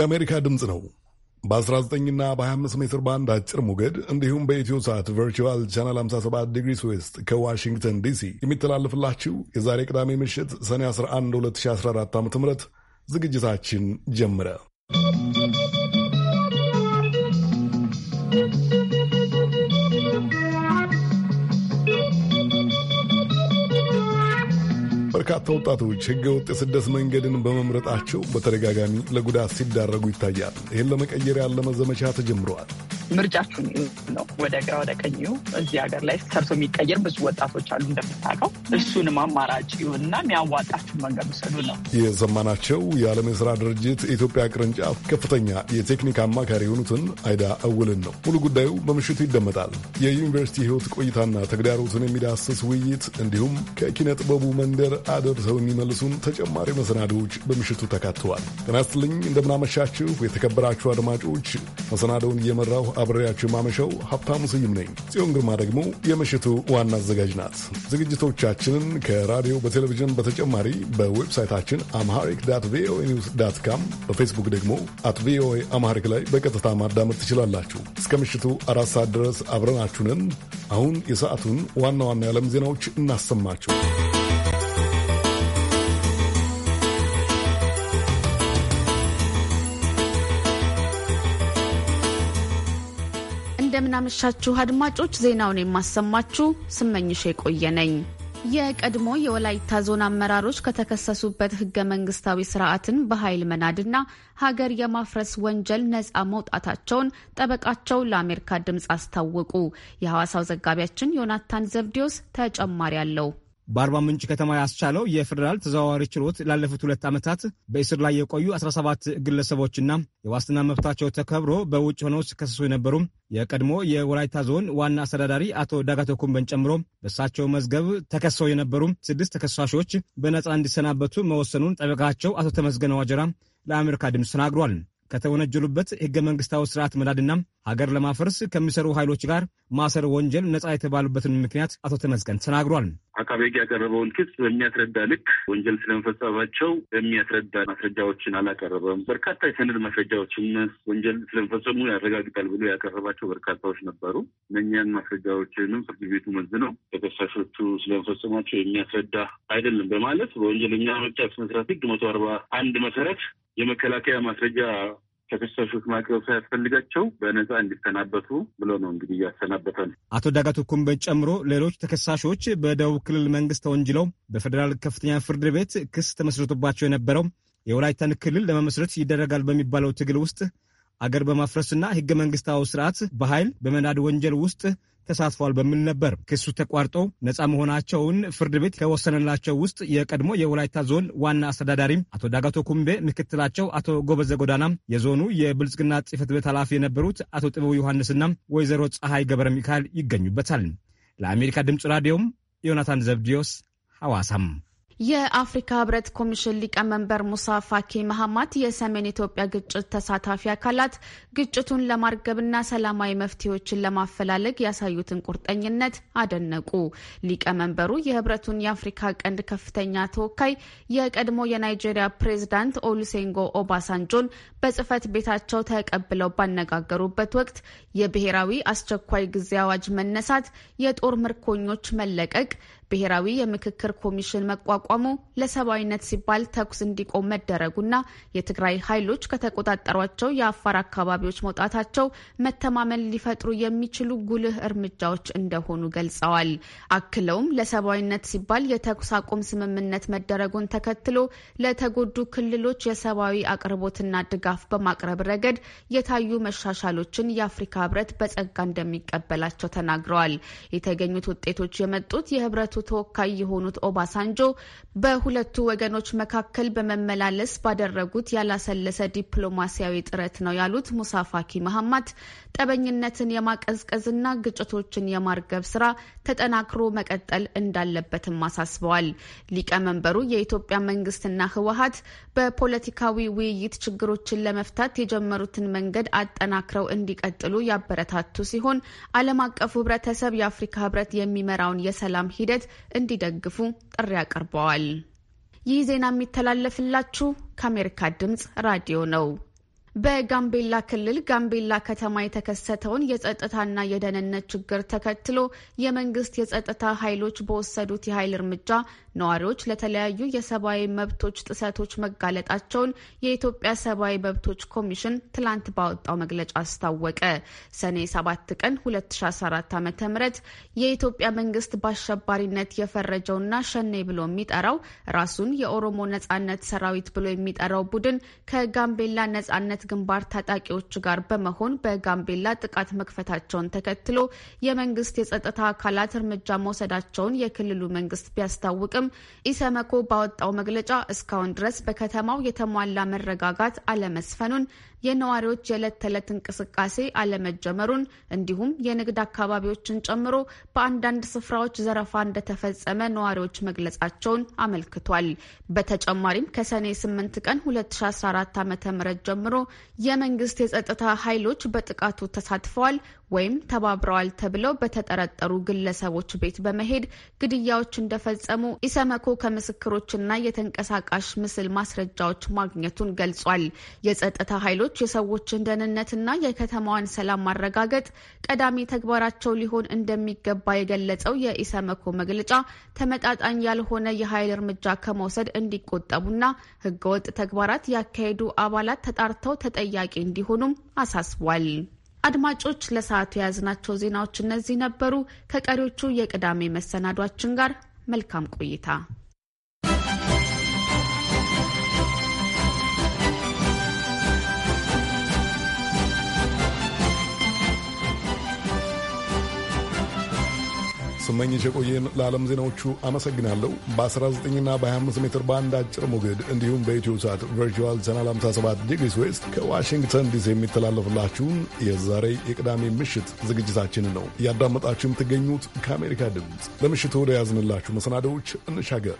የአሜሪካ ድምፅ ነው። በ19ና በ25 ሜትር ባንድ አጭር ሞገድ እንዲሁም በኢትዮ ሰዓት ቨርቹዋል ቻናል 57 ዲግሪ ዌስት ከዋሽንግተን ዲሲ የሚተላለፍላችሁ የዛሬ ቅዳሜ ምሽት ሰኔ 11 2014 ዓ ም ዝግጅታችን ጀምረ በርካታ ወጣቶች ወጥ የስደት መንገድን በመምረጣቸው በተደጋጋሚ ለጉዳት ሲዳረጉ ይታያል። ይህን ለመቀየር ያለመ ዘመቻ ተጀምረዋል። ምርጫችሁን ነው ወደ ግራ ወደ ቀኙ። እዚህ ሀገር ላይ ሰርቶ የሚቀየር ብዙ ወጣቶች አሉ እንደምታውቀው። እሱንም አማራጭ ይሁንና የሚያዋጣችሁን መንገድ ውሰዱ ነው የሰማናቸው። የዓለም የስራ ድርጅት የኢትዮጵያ ቅርንጫፍ ከፍተኛ የቴክኒክ አማካሪ የሆኑትን አይዳ እውልን ነው። ሙሉ ጉዳዩ በምሽቱ ይደመጣል። የዩኒቨርሲቲ ህይወት ቆይታና ተግዳሮትን የሚዳስስ ውይይት እንዲሁም ከኪነ ጥበቡ መንደር አደርሰው የሚመልሱን ተጨማሪ መሰናዶዎች በምሽቱ ተካተዋል። ጤና ይስጥልኝ፣ እንደምናመሻችሁ የተከበራችሁ አድማጮች። መሰናዶውን እየመራሁ አብሬያችሁ የማመሸው ሀብታሙ ስዩም ነኝ። ጽዮን ግርማ ደግሞ የምሽቱ ዋና አዘጋጅ ናት። ዝግጅቶቻችንን ከራዲዮ በቴሌቪዥን በተጨማሪ በዌብሳይታችን አምሃሪክ ዳት ቪኦኤ ኒውስ ዳት ካም፣ በፌስቡክ ደግሞ አት ቪኦኤ አምሃሪክ ላይ በቀጥታ ማዳመጥ ትችላላችሁ። እስከ ምሽቱ አራት ሰዓት ድረስ አብረናችሁንን። አሁን የሰዓቱን ዋና ዋና የዓለም ዜናዎች እናሰማችሁ። እንደምናመሻችሁ አድማጮች፣ ዜናውን የማሰማችሁ ስመኝሽ የቆየ ነኝ። የቀድሞ የወላይታ ዞን አመራሮች ከተከሰሱበት ህገ መንግስታዊ ስርዓትን በኃይል መናድና ሀገር የማፍረስ ወንጀል ነጻ መውጣታቸውን ጠበቃቸው ለአሜሪካ ድምፅ አስታወቁ። የሐዋሳው ዘጋቢያችን ዮናታን ዘብዲዮስ ተጨማሪ አለው። በአርባ ምንጭ ከተማ ያስቻለው የፌዴራል ተዘዋዋሪ ችሎት ላለፉት ሁለት ዓመታት በእስር ላይ የቆዩ 17 ግለሰቦችና የዋስትና መብታቸው ተከብሮ በውጭ ሆነው ሲከሰሱ የነበሩ የቀድሞ የወላይታ ዞን ዋና አስተዳዳሪ አቶ ዳጋቶ ኩምበን ጨምሮ በእሳቸው መዝገብ ተከሰው የነበሩ ስድስት ተከሳሾች በነጻ እንዲሰናበቱ መወሰኑን ጠበቃቸው አቶ ተመስገን ዋጀራ ለአሜሪካ ድምፅ ተናግሯል። ከተወነጀሉበት ህገ መንግስታዊ ስርዓት መዳድና ሀገር ለማፈርስ ከሚሰሩ ኃይሎች ጋር ማሰር ወንጀል ነጻ የተባሉበትን ምክንያት አቶ ተመስገን ተናግሯል። አቃቤ ሕግ ያቀረበውን ክስ በሚያስረዳ ልክ ወንጀል ስለመፈጸማቸው የሚያስረዳ ማስረጃዎችን አላቀረበም። በርካታ የሰነድ ማስረጃዎችን ወንጀል ስለመፈጸሙ ያረጋግጣል ብሎ ያቀረባቸው በርካታዎች ነበሩ። እነኛን ማስረጃዎችንም ፍርድ ቤቱ መዝነው ተከሳሾቹ ስለመፈጸማቸው የሚያስረዳ አይደለም በማለት በወንጀለኛ መቅጫ ስነ ሕግ መቶ አርባ አንድ መሰረት የመከላከያ ማስረጃ ተከሳሾች ማቅረብ ሳያስፈልጋቸው በነፃ እንዲሰናበቱ ብሎ ነው እንግዲህ እያሰናበታል። አቶ ዳጋቱ ኩምቤን ጨምሮ ሌሎች ተከሳሾች በደቡብ ክልል መንግስት ተወንጅለው በፌዴራል ከፍተኛ ፍርድ ቤት ክስ ተመስርቶባቸው የነበረው የወላይታን ክልል ለመመስረት ይደረጋል በሚባለው ትግል ውስጥ አገር በማፍረስና ህገ መንግስታዊ ስርዓት በኃይል በመናድ ወንጀል ውስጥ ተሳትፏል በሚል ነበር ክሱ ተቋርጦ ነፃ መሆናቸውን ፍርድ ቤት ከወሰነላቸው ውስጥ የቀድሞ የወላይታ ዞን ዋና አስተዳዳሪም አቶ ዳጋቶ ኩምቤ፣ ምክትላቸው አቶ ጎበዘ ጎዳናም፣ የዞኑ የብልጽግና ጽህፈት ቤት ኃላፊ የነበሩት አቶ ጥበቡ ዮሐንስና ወይዘሮ ፀሐይ ገብረ ሚካኤል ይገኙበታል። ለአሜሪካ ድምፅ ራዲዮም ዮናታን ዘብዲዮስ ሐዋሳም የአፍሪካ ህብረት ኮሚሽን ሊቀመንበር ሙሳ ፋኪ መሐማት የሰሜን ኢትዮጵያ ግጭት ተሳታፊ አካላት ግጭቱን ለማርገብና ሰላማዊ መፍትሄዎችን ለማፈላለግ ያሳዩትን ቁርጠኝነት አደነቁ። ሊቀመንበሩ የህብረቱን የአፍሪካ ቀንድ ከፍተኛ ተወካይ የቀድሞ የናይጄሪያ ፕሬዝዳንት ኦሉሴንጎ ኦባሳንጆን በጽህፈት ቤታቸው ተቀብለው ባነጋገሩበት ወቅት የብሔራዊ አስቸኳይ ጊዜ አዋጅ መነሳት፣ የጦር ምርኮኞች መለቀቅ ብሔራዊ የምክክር ኮሚሽን መቋቋሙ ለሰብአዊነት ሲባል ተኩስ እንዲቆም መደረጉና የትግራይ ኃይሎች ከተቆጣጠሯቸው የአፋር አካባቢዎች መውጣታቸው መተማመን ሊፈጥሩ የሚችሉ ጉልህ እርምጃዎች እንደሆኑ ገልጸዋል። አክለውም ለሰብአዊነት ሲባል የተኩስ አቁም ስምምነት መደረጉን ተከትሎ ለተጎዱ ክልሎች የሰብአዊ አቅርቦትና ድጋፍ በማቅረብ ረገድ የታዩ መሻሻሎችን የአፍሪካ ህብረት በጸጋ እንደሚቀበላቸው ተናግረዋል። የተገኙት ውጤቶች የመጡት የህብረቱ ተወካይ የሆኑት ኦባሳንጆ በሁለቱ ወገኖች መካከል በመመላለስ ባደረጉት ያላሰለሰ ዲፕሎማሲያዊ ጥረት ነው ያሉት ሙሳፋኪ መሐማት ጠበኝነትን የማቀዝቀዝና ግጭቶችን የማርገብ ስራ ተጠናክሮ መቀጠል እንዳለበትም አሳስበዋል። ሊቀመንበሩ የኢትዮጵያ መንግስትና ህወሀት በፖለቲካዊ ውይይት ችግሮችን ለመፍታት የጀመሩትን መንገድ አጠናክረው እንዲቀጥሉ ያበረታቱ ሲሆን ዓለም አቀፉ ህብረተሰብ የአፍሪካ ህብረት የሚመራውን የሰላም ሂደት እንዲደግፉ ጥሪ አቅርበዋል። ይህ ዜና የሚተላለፍላችሁ ከአሜሪካ ድምፅ ራዲዮ ነው። በጋምቤላ ክልል ጋምቤላ ከተማ የተከሰተውን የጸጥታና የደህንነት ችግር ተከትሎ የመንግስት የጸጥታ ኃይሎች በወሰዱት የኃይል እርምጃ ነዋሪዎች ለተለያዩ የሰብአዊ መብቶች ጥሰቶች መጋለጣቸውን የኢትዮጵያ ሰብአዊ መብቶች ኮሚሽን ትላንት ባወጣው መግለጫ አስታወቀ። ሰኔ 7 ቀን 2014 ዓ ም የኢትዮጵያ መንግስት በአሸባሪነት የፈረጀውና ሸኔ ብሎ የሚጠራው ራሱን የኦሮሞ ነጻነት ሰራዊት ብሎ የሚጠራው ቡድን ከጋምቤላ ነጻነት ግንባር ታጣቂዎች ጋር በመሆን በጋምቤላ ጥቃት መክፈታቸውን ተከትሎ የመንግስት የጸጥታ አካላት እርምጃ መውሰዳቸውን የክልሉ መንግስት ቢያስታውቅም ቢጠይቅም ኢሰመኮ ባወጣው መግለጫ እስካሁን ድረስ በከተማው የተሟላ መረጋጋት አለመስፈኑን የነዋሪዎች የዕለት ተዕለት እንቅስቃሴ አለመጀመሩን እንዲሁም የንግድ አካባቢዎችን ጨምሮ በአንዳንድ ስፍራዎች ዘረፋ እንደተፈጸመ ነዋሪዎች መግለጻቸውን አመልክቷል። በተጨማሪም ከሰኔ 8 ቀን 2014 ዓ.ም ጀምሮ የመንግስት የጸጥታ ኃይሎች በጥቃቱ ተሳትፈዋል ወይም ተባብረዋል ተብለው በተጠረጠሩ ግለሰቦች ቤት በመሄድ ግድያዎች እንደፈጸሙ ኢሰመኮ ከምስክሮችና የተንቀሳቃሽ ምስል ማስረጃዎች ማግኘቱን ገልጿል። የጸጥታ ኃይሎች ነዋሪዎች የሰዎችን ደህንነትና የከተማዋን ሰላም ማረጋገጥ ቀዳሚ ተግባራቸው ሊሆን እንደሚገባ የገለጸው የኢሰመኮ መግለጫ ተመጣጣኝ ያልሆነ የኃይል እርምጃ ከመውሰድ እንዲቆጠቡና ህገወጥ ተግባራት ያካሄዱ አባላት ተጣርተው ተጠያቂ እንዲሆኑም አሳስቧል። አድማጮች ለሰዓቱ የያዝናቸው ዜናዎች እነዚህ ነበሩ። ከቀሪዎቹ የቅዳሜ መሰናዷችን ጋር መልካም ቆይታ ስመኝሽ የቆየን ለዓለም ዜናዎቹ አመሰግናለሁ። በ19ና በ25 ሜትር በአንድ አጭር ሞገድ እንዲሁም በኢትዮ ሳት ቨርቹዋል ቻናል 57 ዲግሪስ ዌስት ከዋሽንግተን ዲሲ የሚተላለፍላችሁን የዛሬ የቅዳሜ ምሽት ዝግጅታችን ነው እያዳመጣችሁ የምትገኙት። ከአሜሪካ ድምፅ ለምሽቱ ወደ ያዝንላችሁ መሰናደዎች እንሻገር።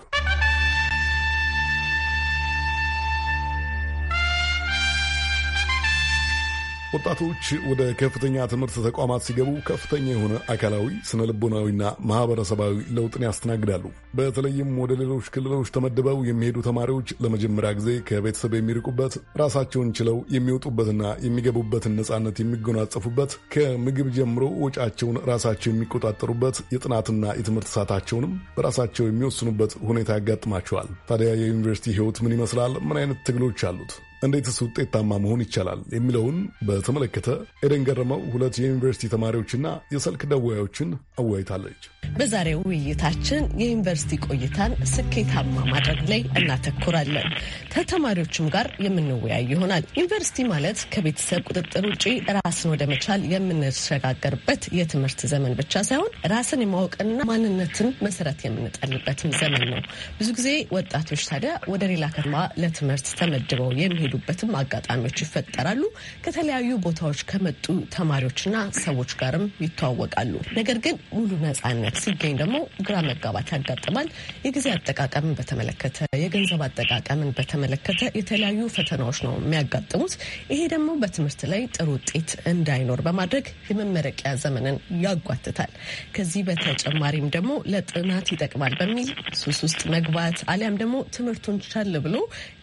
ወጣቶች ወደ ከፍተኛ ትምህርት ተቋማት ሲገቡ ከፍተኛ የሆነ አካላዊ፣ ስነ ልቦናዊና ማህበረሰባዊ ለውጥን ያስተናግዳሉ። በተለይም ወደ ሌሎች ክልሎች ተመድበው የሚሄዱ ተማሪዎች ለመጀመሪያ ጊዜ ከቤተሰብ የሚርቁበት፣ ራሳቸውን ችለው የሚወጡበትና የሚገቡበትን ነጻነት የሚጎናጸፉበት፣ ከምግብ ጀምሮ ወጫቸውን ራሳቸው የሚቆጣጠሩበት፣ የጥናትና የትምህርት ሰዓታቸውንም በራሳቸው የሚወስኑበት ሁኔታ ያጋጥማቸዋል። ታዲያ የዩኒቨርሲቲ ህይወት ምን ይመስላል? ምን አይነት ትግሎች አሉት? እንዴትስ ውጤታማ መሆን ይቻላል የሚለውን በተመለከተ ኤደን ገረመው ሁለት የዩኒቨርሲቲ ተማሪዎችና የስልክ ደዋዮችን አወያይታለች። በዛሬው ውይይታችን የዩኒቨርሲቲ ቆይታን ስኬታማ ማድረግ ላይ እናተኩራለን። ከተማሪዎችም ጋር የምንወያይ ይሆናል። ዩኒቨርሲቲ ማለት ከቤተሰብ ቁጥጥር ውጪ ራስን ወደ መቻል የምንሸጋገርበት የትምህርት ዘመን ብቻ ሳይሆን ራስን የማወቅና ማንነትን መሰረት የምንጠልበትም ዘመን ነው። ብዙ ጊዜ ወጣቶች ታዲያ ወደ ሌላ ከተማ ለትምህርት ተመድበው የሚሄዱ የሚሄዱበትም አጋጣሚዎች ይፈጠራሉ። ከተለያዩ ቦታዎች ከመጡ ተማሪዎችና ሰዎች ጋርም ይተዋወቃሉ። ነገር ግን ሙሉ ነጻነት ሲገኝ ደግሞ ግራ መጋባት ያጋጥማል። የጊዜ አጠቃቀምን በተመለከተ፣ የገንዘብ አጠቃቀምን በተመለከተ የተለያዩ ፈተናዎች ነው የሚያጋጥሙት። ይሄ ደግሞ በትምህርት ላይ ጥሩ ውጤት እንዳይኖር በማድረግ የመመረቂያ ዘመንን ያጓትታል። ከዚህ በተጨማሪም ደግሞ ለጥናት ይጠቅማል በሚል ሱስ ውስጥ መግባት አሊያም ደግሞ ትምህርቱን ቻል ብሎ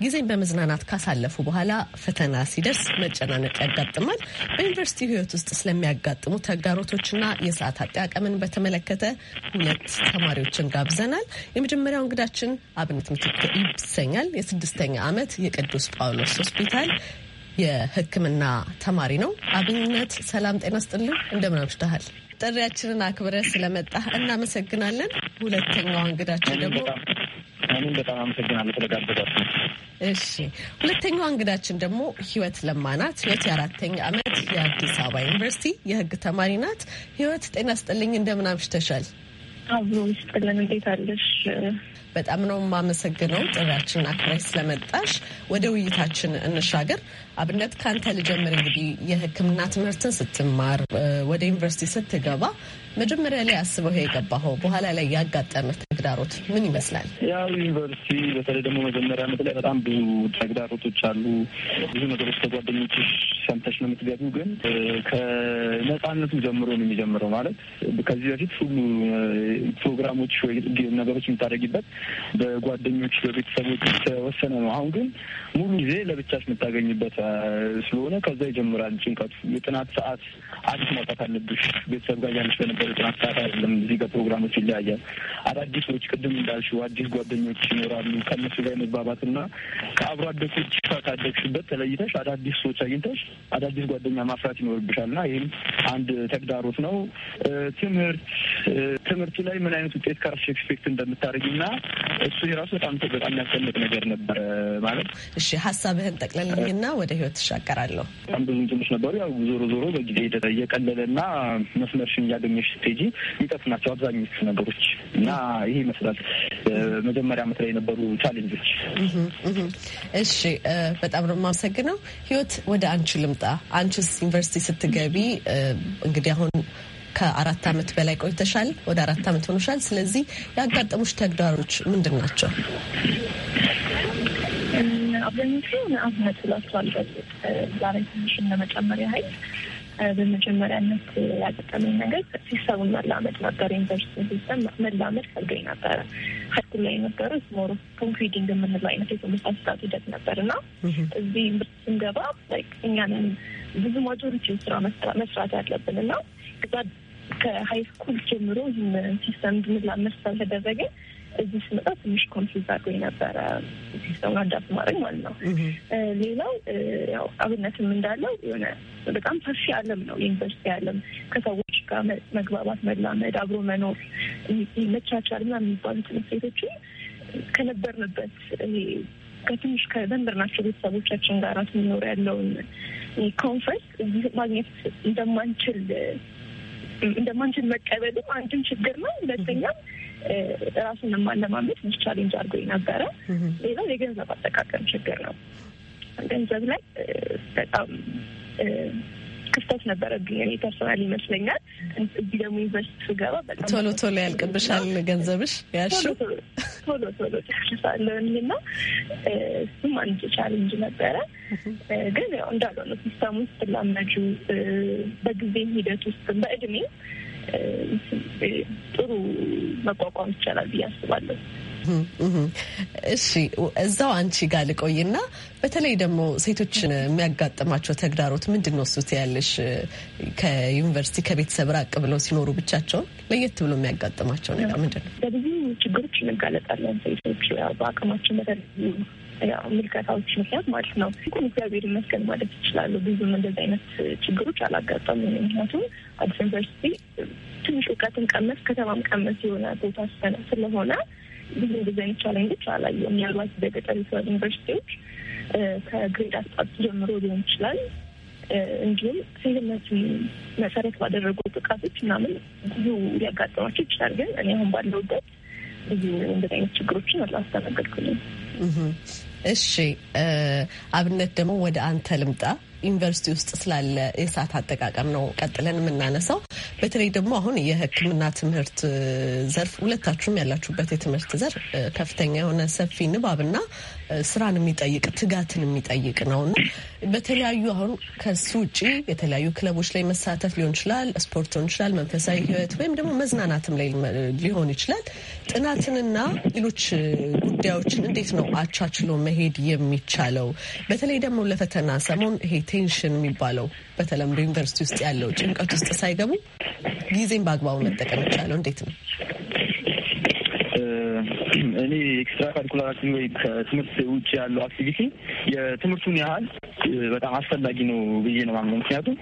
ጊዜን በመዝናናት ካሳለፉ በኋላ ፈተና ሲደርስ መጨናነቅ ያጋጥማል። በዩኒቨርሲቲ ህይወት ውስጥ ስለሚያጋጥሙ ተግዳሮቶችና የሰዓት አጠቃቀምን በተመለከተ ሁለት ተማሪዎችን ጋብዘናል። የመጀመሪያው እንግዳችን አብነት ምትክ ይሰኛል። የስድስተኛ ዓመት የቅዱስ ጳውሎስ ሆስፒታል የህክምና ተማሪ ነው። አብነት ሰላም ጤና ስጥልን፣ እንደምን አምሽተሃል? ጥሪያችንን አክብረ ስለመጣህ እናመሰግናለን። ሁለተኛዋ እንግዳችን ደግሞ እኔም በጣም አመሰግናለሁ ስለጋበዛችሁ። እሺ ሁለተኛዋ እንግዳችን ደግሞ ህይወት ለማናት። ህይወት የአራተኛ ዓመት የአዲስ አበባ ዩኒቨርሲቲ የህግ ተማሪ ናት። ህይወት ጤና ስጥልኝ፣ እንደምን አምሽተሻል? አብሮ ስጥልን፣ እንዴት አለሽ? በጣም ነው የማመሰግነው ጥሪያችንን አክብረሽ ስለመጣሽ። ወደ ውይይታችን እንሻገር። አብነት ከአንተ ልጀምር። እንግዲህ የህክምና ትምህርትን ስትማር ወደ ዩኒቨርሲቲ ስትገባ መጀመሪያ ላይ አስበው የገባኸው በኋላ ላይ ያጋጠመ ተግዳሮት ምን ይመስላል? ያው ዩኒቨርሲቲ በተለይ ደግሞ መጀመሪያ ዓመት ላይ በጣም ብዙ ተግዳሮቶች አሉ። ብዙ ነገሮች ከጓደኞችሽ ሰምተሽ ነው የምትገቢው። ግን ከነፃነቱ ጀምሮ ነው የሚጀምረው። ማለት ከዚህ በፊት ሁሉ ፕሮግራሞች ወይ ነገሮች የምታደርጊበት በጓደኞች በቤተሰቦች ተወሰነ ነው። አሁን ግን ሙሉ ጊዜ ለብቻሽ የምታገኝበት ስለሆነ ከዛ ይጀምራል ጭንቀቱ። የጥናት ሰዓት አዲስ ማውጣት አለብሽ ቤተሰብ ጋር ያለሽ በነበረ ነገሮች ማጥፋት አይደለም። እዚህ ጋር ፕሮግራሞች ይለያያል። አዳዲሶች ቅድም እንዳልሽው አዲስ ጓደኞች ይኖራሉ። ከእነሱ ጋር የመግባባት እና ከአብሮ አደጎች ካደግሽበት ተለይተሽ አዳዲስ ሰዎች አግኝተሽ አዳዲስ ጓደኛ ማፍራት ይኖርብሻል እና ይህም አንድ ተግዳሮት ነው። ትምህርት ትምህርት ላይ ምን አይነት ውጤት ከራስሽ ኤክስፔክት እንደምታደርጊ እና እሱ የራሱ በጣም በጣም የሚያስፈልግ ነገር ነበረ ማለት እሺ። ሀሳብህን ጠቅለልኝና ወደ ህይወት ትሻገራለሁ። በጣም ብዙ እንትኖች ነበሩ። ያው ዞሮ ዞሮ በጊዜ እየቀለለ እና መስመርሽን እያገኘሽ ስትሄጂ ሊጠፍ ናቸው አብዛኞቹ ነገሮች እና ይህ ይመስላል መጀመሪያ ዓመት ላይ የነበሩ ቻሌንጆች። እሺ፣ በጣም ነው የማመሰግነው። ህይወት ወደ አንቺ ልምጣ። አንቺስ ዩኒቨርሲቲ ስትገቢ እንግዲህ አሁን ከአራት አመት በላይ ቆይተሻል። ወደ አራት አመት ሆኖሻል። ስለዚህ ያጋጠሙሽ ተግዳሮች ምንድን ናቸው? አብዛኞቹ ምናምን መስሏቸዋል። ዛሬ ትንሽ ለመጨመር ያህል በመጀመሪያነት ያጠቀመኝ ነገር ሲስተሙን መላመድ ነበር። ዩኒቨርሲቲ ሲስተም መላመድ ፈልገኝ ነበረ። ሀይስኩል ላይ የነበረው ሞሮ ኮንፊዲንግ የምንለው አይነት የተመሳስታት ሂደት ነበር እና እዚህ ስንገባ እኛንን ብዙ ማጆሪቲ ስራ መስራት ያለብን እና ከዛ ከሀይስኩል ጀምሮ ይህን ሲስተም እንድንላመድ ስለተደረገ እዚህ ስመጣ ትንሽ ኮንፊዝ አድርጎኝ ነበረ ሲስተም አዳፕት ማድረግ ማለት ነው። ሌላው ያው አብነትም እንዳለው የሆነ በጣም ሰፊ ዓለም ነው ዩኒቨርሲቲ ዓለም። ከሰዎች ጋር መግባባት፣ መላመድ፣ አብሮ መኖር፣ መቻቻል ምናምን የሚባሉ ትምህርት ቤቶችን ከነበርንበት ከትንሽ ከበንበር ናቸው ቤተሰቦቻችን ጋር ስንኖር ያለውን ኮንፈርት ማግኘት እንደማንችል እንደማንችል መቀበልም አንድም ችግር ነው። ሁለተኛም ራሱን ማለማመድ ትንሽ ቻሌንጅ አድርጎ ነበረ። ሌላው የገንዘብ አጠቃቀም ችግር ነው። ገንዘብ ላይ በጣም ክፍተት ነበረብኝ እኔ ፐርሶናል ይመስለኛል። እዚህ ደግሞ ዩኒቨርሲቲ ስገባ በጣም ቶሎ ቶሎ ያልቅብሻል ገንዘብሽ ያሹ ቶሎ ቶሎ ጨርሳለሁኝ እና እሱም አንድ ቻሌንጅ ነበረ። ግን ያው እንዳልሆነ ሲስተሙ ስትላመጁ በጊዜ ሂደት ውስጥ በእድሜ ጥሩ መቋቋም ይቻላል ብዬ አስባለሁ። እሺ እዛው አንቺ ጋር ልቆይና በተለይ ደግሞ ሴቶችን የሚያጋጥማቸው ተግዳሮት ምንድን ነው? እሱ ያለሽ ከዩኒቨርሲቲ ከቤተሰብ ራቅ ብለው ሲኖሩ ብቻቸውን ለየት ብሎ የሚያጋጥማቸው ነገር ምንድን ነው? ለብዙ ችግሮች እንጋለጣለን ሴቶች በአቅማችን መጠን ያው ምልከታዎች ምክንያት ማለት ነው። ግን እግዚአብሔር ይመስገን ማለት ይችላሉ። ብዙም እንደዚህ አይነት ችግሮች አላጋጠሙ። ምክንያቱም አዲስ ዩኒቨርሲቲ ትንሽ እውቀትን ቀመስ ከተማም ቀመስ የሆነ ቦታ ስለሆነ ብዙ ጊዜ አይነት ቻለንጆች አላየሁም። ምናልባት በገጠር ሲሆን ዩኒቨርሲቲዎች ከግሬድ አስጣት ጀምሮ ሊሆን ይችላል እንዲሁም ሴትነትን መሰረት ባደረጉ ጥቃቶች ምናምን ብዙ ሊያጋጥማቸው ይችላል። ግን እኔ አሁን ባለውበት ብዙ እንደዚህ አይነት ችግሮችን አላስተናገድኩልም። እሺ አብነት ደግሞ ወደ አንተ ልምጣ። ዩኒቨርሲቲ ውስጥ ስላለ የሰዓት አጠቃቀም ነው ቀጥለን የምናነሳው። በተለይ ደግሞ አሁን የሕክምና ትምህርት ዘርፍ ሁለታችሁም ያላችሁበት የትምህርት ዘርፍ ከፍተኛ የሆነ ሰፊ ንባብና ስራን የሚጠይቅ ትጋትን የሚጠይቅ ነው እና በተለያዩ አሁን ከሱ ውጭ የተለያዩ ክለቦች ላይ መሳተፍ ሊሆን ይችላል፣ ስፖርት ሊሆን ይችላል፣ መንፈሳዊ ህይወት ወይም ደግሞ መዝናናትም ላይ ሊሆን ይችላል። ጥናትንና ሌሎች ጉዳዮችን እንዴት ነው አቻችሎ መሄድ የሚቻለው? በተለይ ደግሞ ለፈተና ሰሞን ይሄ ቴንሽን የሚባለው በተለምዶ ዩኒቨርሲቲ ውስጥ ያለው ጭንቀት ውስጥ ሳይገቡ ጊዜን በአግባቡ መጠቀም ይቻለው እንዴት ነው? እኔ ኤክስትራ ካሪኩላር አክቲቪቲ ከትምህርት ውጭ ያለው አክቲቪቲ የትምህርቱን ያህል በጣም አስፈላጊ ነው ብዬ ነው ማምነው። ምክንያቱም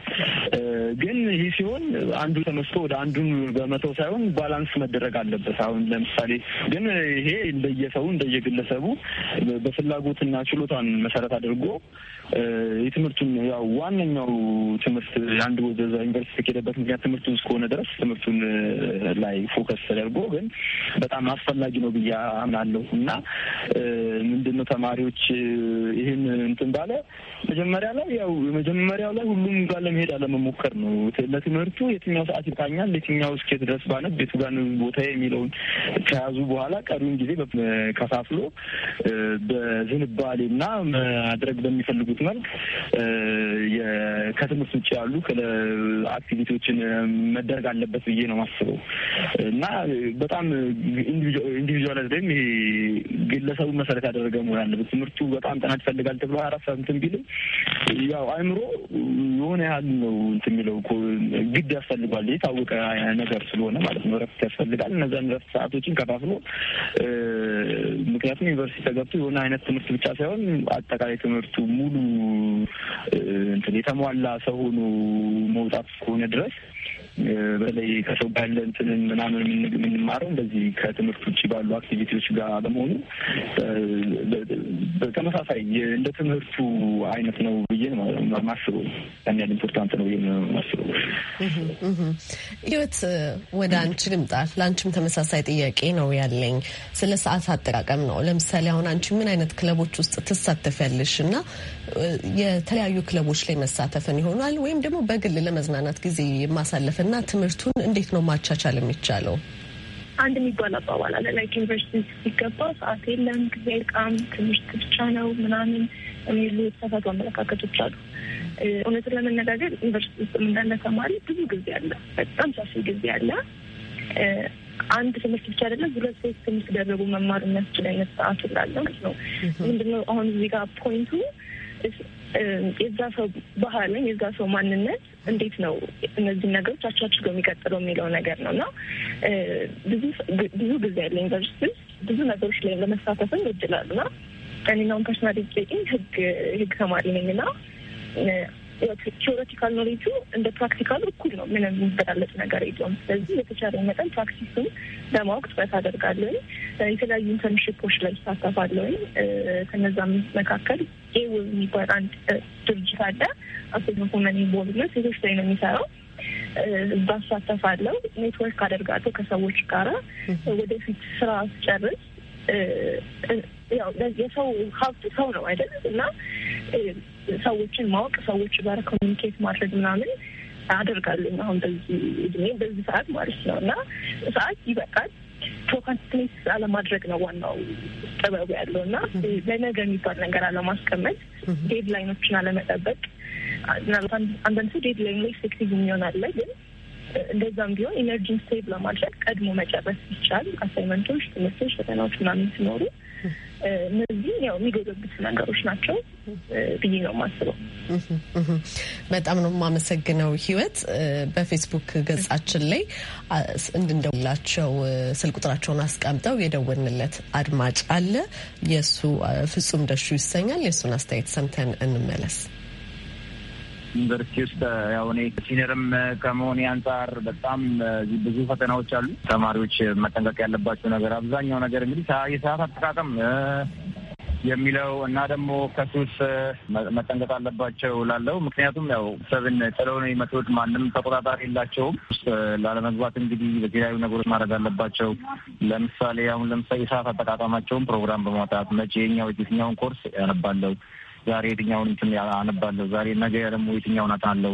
ግን ይህ ሲሆን አንዱ ተመስቶ ወደ አንዱን በመተው ሳይሆን ባላንስ መደረግ አለበት። አሁን ለምሳሌ ግን ይሄ እንደየሰው እንደየግለሰቡ በፍላጎትና ችሎታን መሰረት አድርጎ የትምህርቱን ያው ዋነኛው ትምህርት አንድ ወደ ዩኒቨርሲቲ ከሄደበት ምክንያት ትምህርቱን እስከሆነ ድረስ ትምህርቱን ላይ ፎከስ ተደርጎ ግን በጣም አስፈላጊ ነው ብዬ አምናለሁ እና ምንድን ነው ተማሪዎች ይህን እንትን ባለ መጀመሪያ ላይ ያው መጀመሪያው ላይ ሁሉም ጋር ለመሄድ አለመሞከር ነው። ለትምህርቱ የትኛው ሰዓት ይታኛል፣ የትኛው እስኬት ድረስ ባነብ፣ ቤቱ ጋር ቦታ የሚለውን ከያዙ በኋላ ቀሪውን ጊዜ ከፋፍሎ በዝንባሌና ማድረግ በሚፈልጉት መልክ ከትምህርት ውጭ ያሉ አክቲቪቲዎችን መደረግ አለበት ብዬ ነው ማስበው እና በጣም ኢንዲቪዥዋላይዝ ወይም ግለሰቡ መሰረት ያደረገ መሆን አለበት። ትምህርቱ በጣም ጥናት ይፈልጋል ተብሎ አራት ሳምንት ቢልም ያው አእምሮ የሆነ ያህል ነው እንትን የሚለው እኮ ግድ ያስፈልጓል የታወቀ ነገር ስለሆነ ማለት ነው። እረፍት ያስፈልጋል። እነዚያን እረፍት ሰዓቶችን ከፋፍሎ ምክንያቱም ዩኒቨርሲቲ ተገብቶ የሆነ አይነት ትምህርት ብቻ ሳይሆን አጠቃላይ ትምህርቱ ሙሉ እንትን የተሟላ ሰው ሆኖ መውጣት እስከሆነ ድረስ በተለይ ከሰው ጋር ያለ እንትንን ምናምን የምንማረው እንደዚህ ከትምህርት ውጭ ባሉ አክቲቪቲዎች ጋር በመሆኑ በተመሳሳይ እንደ ትምህርቱ አይነት ነው ብዬ ማስበው ያን ያህል ኢምፖርታንት ነው ብዬ ማስበው። ህይወት ወደ አንቺ ልምጣ። ለአንቺም ተመሳሳይ ጥያቄ ነው ያለኝ ስለ ሰዓት አጠቃቀም ነው። ለምሳሌ አሁን አንቺ ምን አይነት ክለቦች ውስጥ ትሳተፊያለሽ እና የተለያዩ ክለቦች ላይ መሳተፍን ይሆናል ወይም ደግሞ በግል ለመዝናናት ጊዜ የማሳለፍና ትምህርቱን እንዴት ነው ማቻቻል የሚቻለው? አንድ የሚባል አባባል አለ። ላይክ ዩኒቨርሲቲ ሲገባ ሰዓት የለም፣ ጊዜ ቃም ትምህርት ብቻ ነው ምናምን የሚሉ የተሳሳቱ አመለካከቶች አሉ። እውነቱን ለመነጋገር ዩኒቨርሲቲ ውስጥ እንዳለ ተማሪ ብዙ ጊዜ አለ፣ በጣም ሰፊ ጊዜ አለ። አንድ ትምህርት ብቻ አይደለም፣ ሁለት ሶስት ትምህርት ደረጉ መማር የሚያስችል አይነት ሰዓት ላለ ነው። ምንድነው አሁን እዚህ ጋር ፖይንቱ የዛ ሰው ባህል ወይም የዛ ሰው ማንነት እንዴት ነው እነዚህ ነገሮች አቻችሎ የሚቀጥለው የሚለው ነገር ነው እና ብዙ ጊዜ ያለ ዩኒቨርሲቲ ውስጥ ብዙ ነገሮች ላይ ለመሳተፍም ይችላሉ እና እኔናውን ፐርሶናል ጥያቄ ህግ ህግ ተማሪ ነኝ እና ቴዎሬቲካል ኖሌጁ እንደ ፕራክቲካሉ እኩል ነው። ምንም የሚበላለጥ ነገር የለውም። ስለዚህ የተቻለ መጠን ፕራክቲሱን ለማወቅ ጥረት አደርጋለን። የተለያዩ ኢንተርንሽፖች ላይ ይሳተፋለሁ። ከነዛም መካከል ኤው የሚባል አንድ ድርጅት አለ። አሴት ሁመን ኢንቮልቭመንት ሴቶች ላይ ነው የሚሰራው። እዛ እሳተፋለሁ። ኔትወርክ አደርጋለሁ ከሰዎች ጋራ ወደፊት ስራ ስጨርስ ያው የሰው ሀብት ሰው ነው አይደል? እና ሰዎችን ማወቅ ሰዎች ጋር ኮሚኒኬት ማድረግ ምናምን አደርጋለሁ አሁን በዚህ እድሜ በዚህ ሰዓት ማለት ነው እና ሰዓት ይበቃል። ፕሮካስቲኔት አለማድረግ ነው ዋናው ጥበብ ያለው እና ለነገ የሚባል ነገር አለማስቀመጥ፣ ዴድላይኖችን አለመጠበቅ። ምናልባት አንዳንድ ሰው ዴድላይን ላይ ሴክቲቭ የሚሆናለ ግን እንደዛም ቢሆን ኢነርጂን ሴቭ ለማድረግ ቀድሞ መጨረስ ይቻል። አሳይመንቶች፣ ትምህርቶች፣ ፈተናዎች ምናምን ሲኖሩ እነዚህ ያው የሚጎዘብት ነገሮች ናቸው ብዬ ነው የማስበው። በጣም ነው የማመሰግነው ህይወት። በፌስቡክ ገጻችን ላይ እንድንደውላቸው ስልክ ቁጥራቸውን አስቀምጠው የደወንለት አድማጭ አለ። የእሱ ፍጹም ደሹ ይሰኛል። የእሱን አስተያየት ሰምተን እንመለስ። ዩኒቨርሲቲ ውስጥ ያው እኔ ሲኒየርም ከመሆኔ አንጻር በጣም ብዙ ፈተናዎች አሉ። ተማሪዎች መጠንቀቅ ያለባቸው ነገር አብዛኛው ነገር እንግዲህ የሰዓት አጠቃቀም የሚለው እና ደግሞ ከሱስ መጠንቀቅ አለባቸው ላለው ምክንያቱም ያው ሰብን ጥለው ነው ማንም ተቆጣጣሪ የላቸውም። ላለመግባት እንግዲህ በተለያዩ ነገሮች ማድረግ አለባቸው። ለምሳሌ አሁን ለምሳሌ የሰዓት አጠቃቀማቸውን ፕሮግራም በማውጣት መቼ የኛው የትኛውን ኮርስ ያነባለው ዛሬ የትኛውን እንትን አነባለሁ፣ ዛሬ ነገ ደግሞ የትኛውን አጣለሁ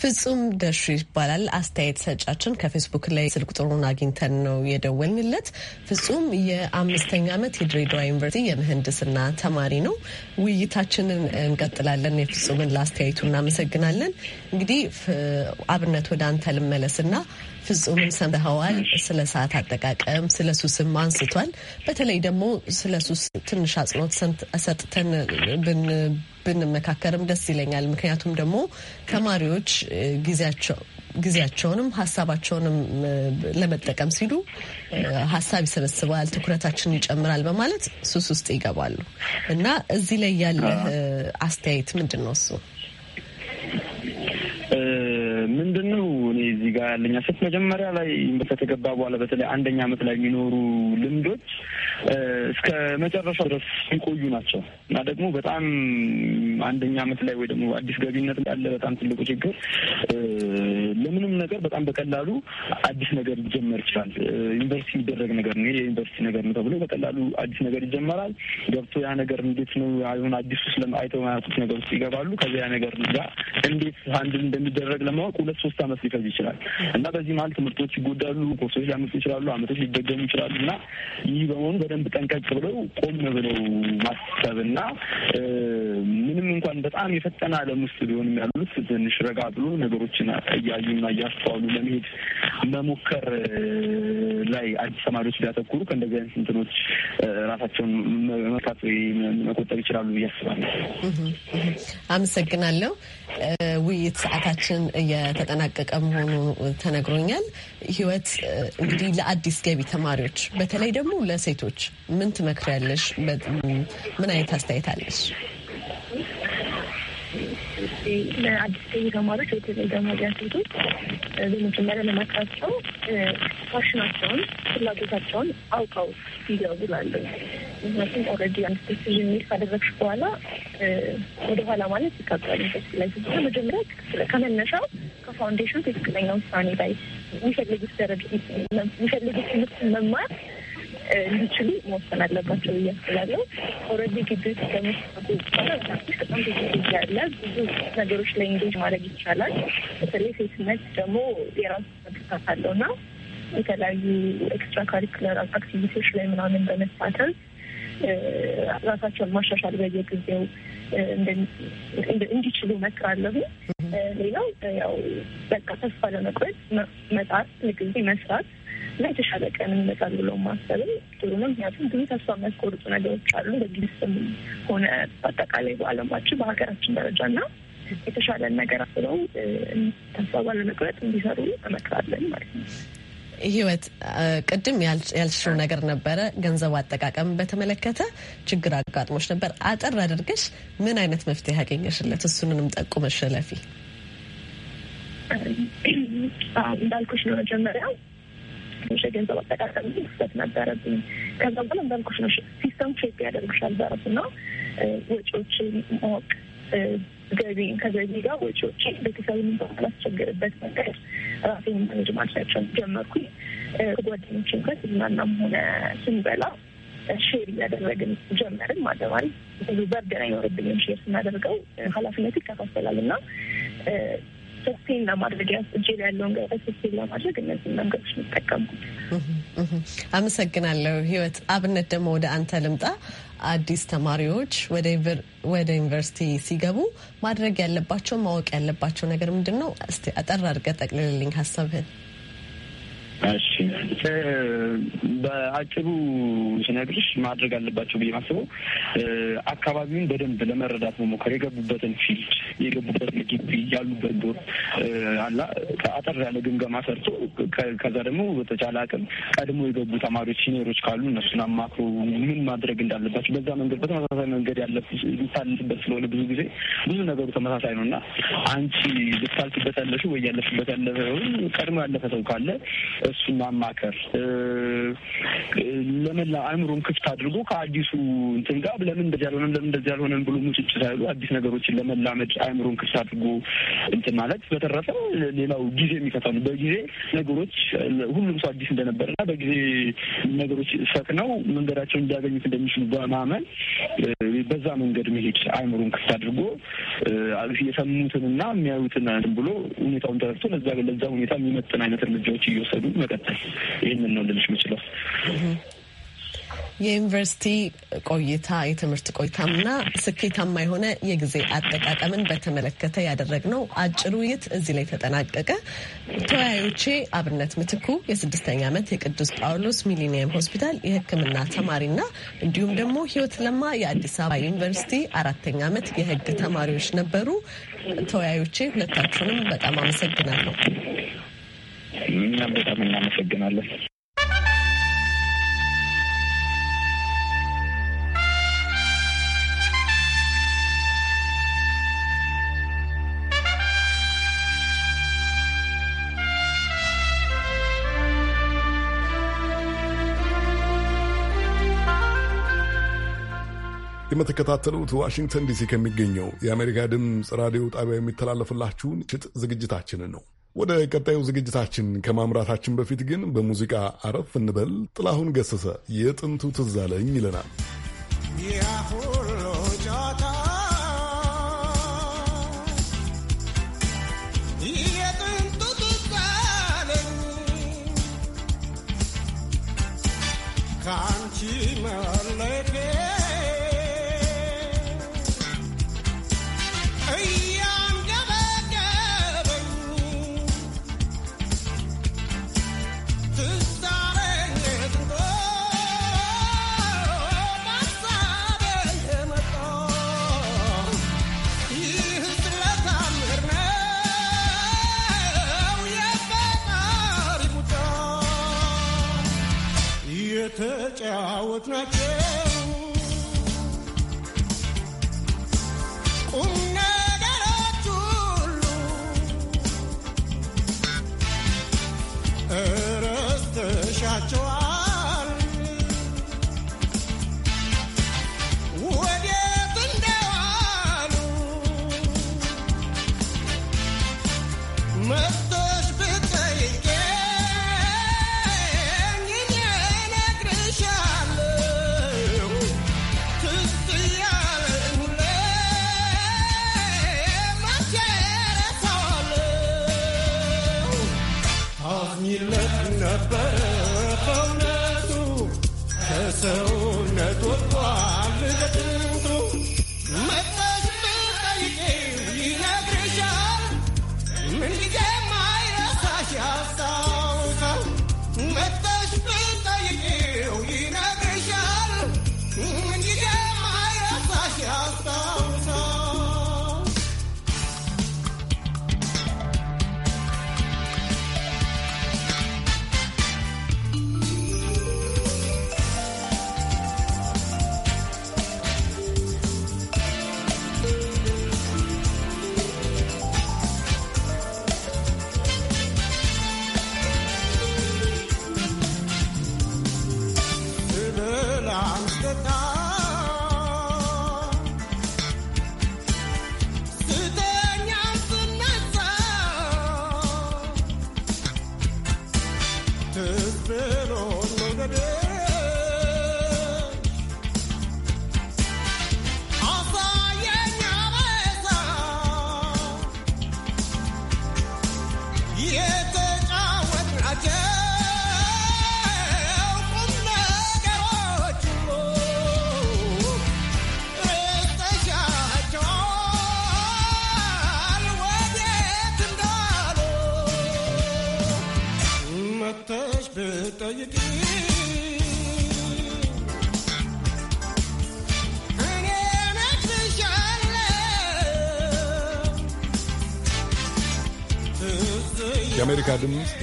ፍጹም ደሹ ይባላል አስተያየት ሰጫችን። ከፌስቡክ ላይ ስልክ ቁጥሩን አግኝተን ነው የደወልንለት። ፍጹም የአምስተኛ ዓመት የድሬዳዋ ዩኒቨርሲቲ የምህንድስና ተማሪ ነው። ውይይታችንን እንቀጥላለን። የፍጹምን ለአስተያየቱ እናመሰግናለን። እንግዲህ አብነት ወደ አንተ ልመለስና ፍጹምን ሰምተኸዋል። ስለ ሰዓት አጠቃቀም ስለ ሱስም አንስቷል። በተለይ ደግሞ ስለ ሱስ ትንሽ አጽንኦት ሰጥተን ብን ብንመካከርም ደስ ይለኛል። ምክንያቱም ደግሞ ተማሪዎች ጊዜያቸው ጊዜያቸውንም ሀሳባቸውንም ለመጠቀም ሲሉ ሀሳብ ይሰበስባል፣ ትኩረታችንን ይጨምራል በማለት ሱስ ውስጥ ይገባሉ እና እዚህ ላይ ያለህ አስተያየት ምንድን ነው? እሱ ምንድን ነው እኔ እዚህ ጋር ያለኝ አሰት መጀመሪያ ላይ ከተገባ በኋላ በተለይ አንደኛ ዓመት ላይ የሚኖሩ ልምዶች እስከ መጨረሻው ድረስ የሚቆዩ ናቸው እና ደግሞ በጣም አንደኛ ዓመት ላይ ወይ ደግሞ አዲስ ገቢነት ያለ በጣም ትልቁ ችግር ለምንም ነገር በጣም በቀላሉ አዲስ ነገር ሊጀመር ይችላል። ዩኒቨርሲቲ የሚደረግ ነገር ነው፣ የዩኒቨርሲቲ ነገር ነው ተብሎ በቀላሉ አዲስ ነገር ይጀመራል። ገብቶ ያ ነገር እንዴት ነው አሁን አዲሱ ስለአይተው ማያውቁት ነገር ውስጥ ይገባሉ። ከዚያ ነገር ጋር እንዴት አንድ እንደሚደረግ ለማወቅ ሁለት ሶስት አመት ሊፈጅ ይችላል እና በዚህ መሀል ትምህርቶች ይጎዳሉ፣ ኮርሶች ሊያመጡ ይችላሉ፣ አመቶች ሊደገሙ ይችላሉ እና ይህ በመሆኑ በደንብ ጠንቀቅ ብለው ቆም ብለው ማሰብ እና ምንም እንኳን በጣም የፈጠነ ዓለም ውስጥ ቢሆንም ያሉት ትንሽ ረጋ ብሎ ነገሮችን እያዩና እያስተዋሉ ለመሄድ መሞከር ላይ አዲስ ተማሪዎች ቢያተኩሩ ከእንደዚህ አይነት እንትኖች ራሳቸውን መመልካት ወይ መቆጠብ ይችላሉ ብዬ አስባለሁ። አመሰግናለሁ። ውይይት ሰዓታችን እየተጠናቀቀ መሆኑ ተነግሮኛል። ህይወት እንግዲህ ለአዲስ ገቢ ተማሪዎች በተለይ ደግሞ ለሴቶች ምን ትመክሪያለሽ? ምን አይነት አስተያየት አለሽ? ለአዲስ ገቢ ተማሪዎች በተለይ ደግሞ ሴቶች በመጀመሪያ ለማቃቸው ፋሽናቸውን፣ ፍላጎታቸውን አውቀው ይገቡ ላለ ምክንያቱም ኦልሬዲ አንድ ዲሲዥን ሜክ ካደረግሽ በኋላ ወደኋላ ማለት ይከብዳል። ላይ ስለሆነ መጀመሪያ ከመነሻው ከፋውንዴሽን ትክክለኛ ውሳኔ ላይ የሚፈልጉት ደረጃ የሚፈልጉት ትምህርት መማር እንዲችሉ መወሰን አለባቸው ብዬ አስባለሁ። ኦልሬዲ ግቢ ውስጥ ከመስጠቱ በኋላ በጣም ብዙ ጊዜ ያለ ብዙ ነገሮች ላይ እንጌጅ ማድረግ ይቻላል። በተለይ ሴትነት ደግሞ የራሱ መግታት አለው እና የተለያዩ ኤክስትራ ካሪኩለር አክቲቪቲዎች ላይ ምናምን በመሳተፍ ራሳቸውን ማሻሻል በየጊዜው እንዲችሉ መክራለሁ። ሌላው ያው በቃ ተስፋ ለመቁረጥ መጣር ጊዜ መስራት እና የተሻለ ቀን ይመጣል ብሎ ማሰብም ጥሩ ነው። ምክንያቱም ብዙ ተስፋ የሚያስቆርጡ ነገሮች አሉ በግልስም ሆነ በአጠቃላይ በዓለማችን በሀገራችን ደረጃ እና የተሻለን ነገር አስበው ተስፋ ባለመቁረጥ እንዲሰሩ እመክራለን ማለት ነው። ህይወት ቅድም ያልሽው ነገር ነበረ፣ ገንዘቡ አጠቃቀም በተመለከተ ችግር አጋጥሞች ነበር። አጠር አድርገሽ ምን አይነት መፍትሄ ያገኘሽለት እሱንንም ጠቁመሽ እለፊ። እንዳልኩሽ ነው መጀመሪያው የገንዘብ አጠቃቀም ስህተት ነበረብኝ። ከዛ በኋላ እንዳልኩሽ ነው ሲስተም ሼፕ ያደርጉሻል በረብ እና ወጪዎችን ማወቅ ገቢ ከገቢ ጋር ወጪዎች ቤተሰብ ባላስቸግርበት መንገድ ራሴን ማኔጅ ማድረጋቸውን ጀመርኩኝ። ከጓደኞችን ጋር ስናናም ሆነ ስንበላ ሼር እያደረግን ጀመርን። ማለማለት ብዙ በርደን አይኖርብኝም። ሼር ስናደርገው ኃላፊነት ይከፋፈላል እና ሰስቴን ለማድረግ ያስጅል ያለውን ገበያ ሰስቴን ለማድረግ እነዚህ መንገዶች የሚጠቀምኩት። አመሰግናለሁ ህይወት። አብነት ደግሞ ወደ አንተ ልምጣ። አዲስ ተማሪዎች ወደ ዩኒቨርሲቲ ሲገቡ ማድረግ ያለባቸው ማወቅ ያለባቸው ነገር ምንድን ነው? እስቲ አጠር አድርገህ ጠቅልልልኝ ሀሳብህን። እሺ በአጭሩ ስነግርሽ ማድረግ አለባቸው ብዬ ማስበው አካባቢውን በደንብ ለመረዳት መሞከር፣ የገቡበትን ፊልድ፣ የገቡበትን ግቢ፣ ያሉበት ቦር አላ አጠር ያለ ግምገማ ሰርቶ ከዛ ደግሞ በተቻለ አቅም ቀድሞ የገቡ ተማሪዎች ሲኒሮች ካሉ እነሱን አማክሮ ምን ማድረግ እንዳለባቸው በዛ መንገድ በተመሳሳይ መንገድ ያለፍበት ስለሆነ ብዙ ጊዜ ብዙ ነገሩ ተመሳሳይ ነው እና አንቺ ልታልፍበት ያለሽ ወይ ያለፍበት ያለ ቀድሞ ያለፈ ሰው ካለ እሱን ማማከር ለመላ አእምሮም ክፍት አድርጎ ከአዲሱ እንትን ጋር ለምን እንደዚህ አልሆነም ለምን እንደዚህ አልሆነም ብሎ ሙጭጭ ሳይሉ አዲስ ነገሮችን ለመላመድ አእምሮን ክፍት አድርጎ እንትን ማለት። በተረፈ ሌላው ጊዜ የሚፈታ ነው። በጊዜ ነገሮች ሁሉም ሰው አዲስ እንደነበር እና በጊዜ ነገሮች ሰክነው መንገዳቸውን እንዲያገኙት እንደሚችሉ በማመን በዛ መንገድ መሄድ አእምሮን ክፍት አድርጎ የሰሙትንና የሚያዩትን ብሎ ሁኔታውን ተረድቶ ለዛ ሁኔታ የሚመጥን አይነት እርምጃዎች እየወሰዱ መቀጠል። ይህንን ነው ልልሽ የምችለው። የዩኒቨርሲቲ ቆይታ የትምህርት ቆይታምና ስኬታማ የሆነ የጊዜ አጠቃቀምን በተመለከተ ያደረግነው አጭር ውይይት እዚህ ላይ ተጠናቀቀ። ተወያዮቼ አብነት ምትኩ የስድስተኛ ዓመት የቅዱስ ጳውሎስ ሚሊኒየም ሆስፒታል የሕክምና ተማሪና እንዲሁም ደግሞ ህይወት ለማ የአዲስ አበባ ዩኒቨርሲቲ አራተኛ ዓመት የህግ ተማሪዎች ነበሩ። ተወያዮቼ ሁለታችሁንም በጣም አመሰግናለሁ። እኛም በጣም እናመሰግናለን። የምትከታተሉት ዋሽንግተን ዲሲ ከሚገኘው የአሜሪካ ድምፅ ራዲዮ ጣቢያ የሚተላለፍላችሁን ሽጥ ዝግጅታችንን ነው። ወደ ቀጣዩ ዝግጅታችን ከማምራታችን በፊት ግን በሙዚቃ አረፍ እንበል። ጥላሁን ገሰሰ የጥንቱ ትዝ አለኝ ይለናል። የተጫወት ናቸው ቁም ነገሮች ሁሉ እረስተሻቸዋል።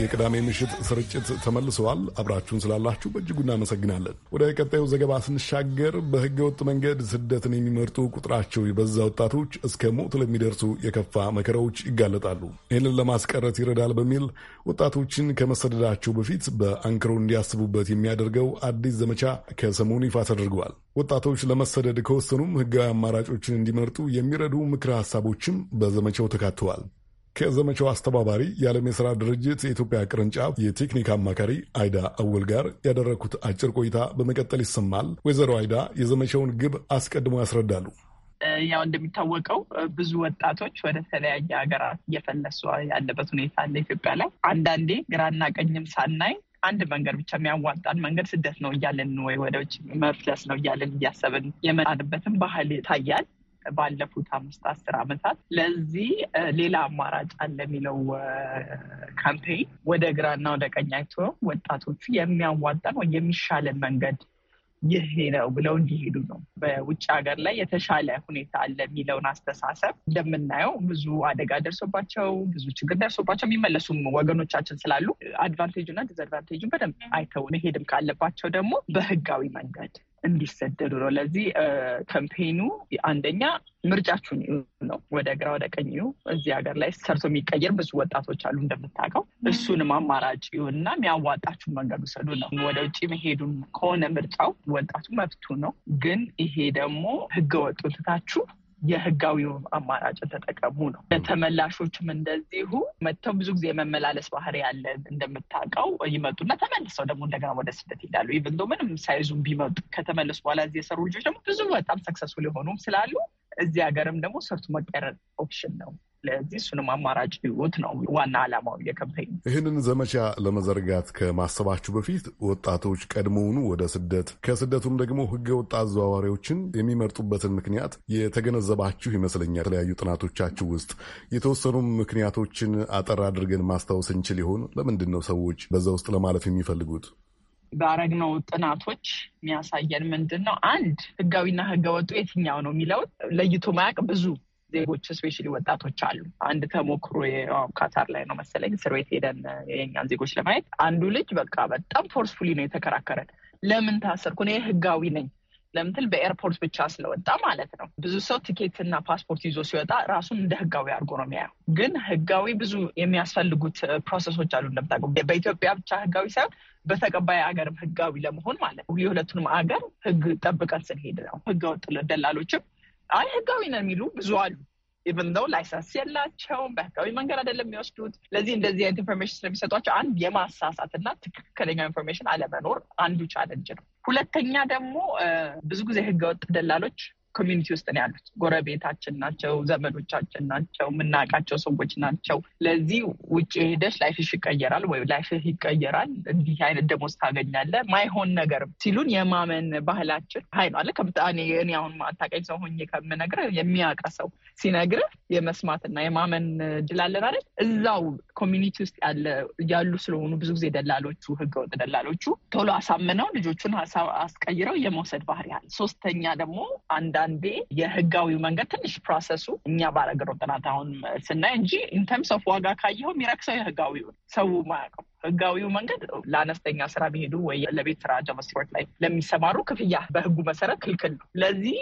የቅዳሜ ምሽት ስርጭት ተመልሰዋል። አብራችሁን ስላላችሁ በእጅጉ እናመሰግናለን። ወደ ቀጣዩ ዘገባ ስንሻገር በህገ ወጥ መንገድ ስደትን የሚመርጡ ቁጥራቸው የበዛ ወጣቶች እስከ ሞት ለሚደርሱ የከፋ መከራዎች ይጋለጣሉ። ይህንን ለማስቀረት ይረዳል በሚል ወጣቶችን ከመሰደዳቸው በፊት በአንክሮ እንዲያስቡበት የሚያደርገው አዲስ ዘመቻ ከሰሞኑ ይፋ ተደርገዋል። ወጣቶች ለመሰደድ ከወሰኑም ህጋዊ አማራጮችን እንዲመርጡ የሚረዱ ምክረ ሀሳቦችም በዘመቻው ተካተዋል። ከዘመቻው አስተባባሪ የዓለም የሥራ ድርጅት የኢትዮጵያ ቅርንጫፍ የቴክኒክ አማካሪ አይዳ አወል ጋር ያደረግኩት አጭር ቆይታ በመቀጠል ይሰማል። ወይዘሮ አይዳ የዘመቻውን ግብ አስቀድሞ ያስረዳሉ። ያው እንደሚታወቀው ብዙ ወጣቶች ወደ ተለያየ ሀገራት እየፈለሱ ያለበት ሁኔታ አለ ኢትዮጵያ ላይ። አንዳንዴ ግራና ቀኝም ሳናይ አንድ መንገድ ብቻ የሚያዋጣን መንገድ ስደት ነው እያለን ወይ ወደ ውጭ መፍለስ ነው እያለን እያሰብን የመጣንበትም ባህል ይታያል። ባለፉት አምስት አስር ዓመታት ለዚህ ሌላ አማራጭ አለ የሚለው ካምፔን ወደ ግራና ወደ ቀኝ አይቶ ወጣቶቹ የሚያዋጣን ወይ የሚሻለን መንገድ ይሄ ነው ብለው እንዲሄዱ ነው። በውጭ ሀገር ላይ የተሻለ ሁኔታ አለ የሚለውን አስተሳሰብ እንደምናየው ብዙ አደጋ ደርሶባቸው ብዙ ችግር ደርሶባቸው የሚመለሱም ወገኖቻችን ስላሉ እና ዲስአድቫንቴጁን በደንብ አይተው መሄድም ካለባቸው ደግሞ በህጋዊ መንገድ እንዲሰደዱ ነው። ለዚህ ካምፔኑ አንደኛ ምርጫችሁን ነው፣ ወደ ግራ ወደ ቀኝ እዚህ ሀገር ላይ ሰርቶ የሚቀየር ብዙ ወጣቶች አሉ እንደምታውቀው። እሱንም አማራጭ ይሁንና የሚያዋጣችሁን መንገድ ውሰዱ ነው። ወደ ውጭ መሄዱን ከሆነ ምርጫው ወጣቱ መብቱ ነው። ግን ይሄ ደግሞ ህገ ትታችሁ የህጋዊውን አማራጭ ተጠቀሙ ነው። ለተመላሾችም እንደዚሁ መጥተው ብዙ ጊዜ የመመላለስ ባህሪ ያለ እንደምታውቀው ይመጡና ተመልሰው ደግሞ እንደገና ወደ ስደት ይሄዳሉ። ኢቨን ምንም ሳይዙም ቢመጡ ከተመለሱ በኋላ እዚህ የሰሩ ልጆች ደግሞ ብዙ በጣም ሰክሰስፉል የሆኑም ስላሉ እዚህ ሀገርም ደግሞ ሰርቱ መቀረጥ ኦፕሽን ነው። ስለዚህ እሱንም አማራጭ ህይወት ነው ዋና ዓላማው የካምፔኝ። ይህንን ዘመቻ ለመዘርጋት ከማሰባችሁ በፊት ወጣቶች ቀድሞውኑ ወደ ስደት ከስደቱም ደግሞ ህገ ወጥ አዘዋዋሪዎችን የሚመርጡበትን ምክንያት የተገነዘባችሁ ይመስለኛል። የተለያዩ ጥናቶቻችሁ ውስጥ የተወሰኑ ምክንያቶችን አጠር አድርገን ማስታወስ እንችል ይሆን? ለምንድን ነው ሰዎች በዛ ውስጥ ለማለፍ የሚፈልጉት? ባረግነው ጥናቶች የሚያሳየን ምንድን ነው፣ አንድ ህጋዊና ህገወጡ የትኛው ነው የሚለውን ለይቶ ማያቅ ብዙ ዜጎች ስፔሻሊ ወጣቶች አሉ። አንድ ተሞክሮ ካታር ላይ ነው መሰለኝ እስር ቤት ሄደን የኛን ዜጎች ለማየት አንዱ ልጅ በቃ በጣም ፎርስፉሊ ነው የተከራከረን። ለምን ታሰርኩ እኔ ህጋዊ ነኝ ለምትል በኤርፖርት ብቻ ስለወጣ ማለት ነው። ብዙ ሰው ቲኬትና ፓስፖርት ይዞ ሲወጣ ራሱን እንደ ህጋዊ አድርጎ ነው የሚያየው። ግን ህጋዊ ብዙ የሚያስፈልጉት ፕሮሰሶች አሉ እንደምታውቀው በኢትዮጵያ ብቻ ህጋዊ ሳይሆን በተቀባይ ሀገርም ህጋዊ ለመሆን ማለት ነው። የሁለቱንም ሀገር ህግ ጠብቀን ስንሄድ ነው። ህገ ወጥ ደላሎችም አይ ህጋዊ ነው የሚሉ ብዙ አሉ። ኢቨን ው ላይሰንስ የላቸውም፣ በህጋዊ መንገድ አይደለም የሚወስዱት። ለዚህ እንደዚህ አይነት ኢንፎርሜሽን ስለሚሰጧቸው አንድ የማሳሳትና ትክክለኛው ኢንፎርሜሽን አለመኖር አንዱ ቻለንጅ ነው። ሁለተኛ ደግሞ ብዙ ጊዜ ህገወጥ ደላሎች ኮሚኒቲ ውስጥ ነው ያሉት። ጎረቤታችን ናቸው፣ ዘመዶቻችን ናቸው፣ የምናውቃቸው ሰዎች ናቸው። ለዚህ ውጭ ሄደሽ ላይፍሽ ይቀየራል ወይ ላይፍህ ይቀየራል፣ እንዲህ አይነት ደሞዝ ታገኛለህ፣ ማይሆን ነገር ሲሉን የማመን ባህላችን ሀይል አለ። እኔ አሁን አታውቀኝ ሰው ሆኜ ከምነግርህ የሚያውቅ ሰው ሲነግርህ የመስማትና የማመን ድል አለን አይደል? እዛው ኮሚኒቲ ውስጥ ያለ ያሉ ስለሆኑ ብዙ ጊዜ ደላሎቹ፣ ህገወጥ ደላሎቹ ቶሎ አሳምነው ልጆቹን አስቀይረው የመውሰድ ባህሪ ያህል ሶስተኛ ደግሞ አንዳ አንዳንዴ የህጋዊ መንገድ ትንሽ ፕሮሰሱ እኛ ባረገረው ጥናት አሁን ስናይ እንጂ ኢንተርምስ ኦፍ ዋጋ ካየኸው የሚረክሰው የህጋዊውን ሰው ማያውቀው ህጋዊው መንገድ ለአነስተኛ ስራ ቢሄዱ ወይ ለቤት ስራ ጃቫስክሪፕት ላይ ለሚሰማሩ ክፍያ በህጉ መሰረት ክልክል ነው። ስለዚህ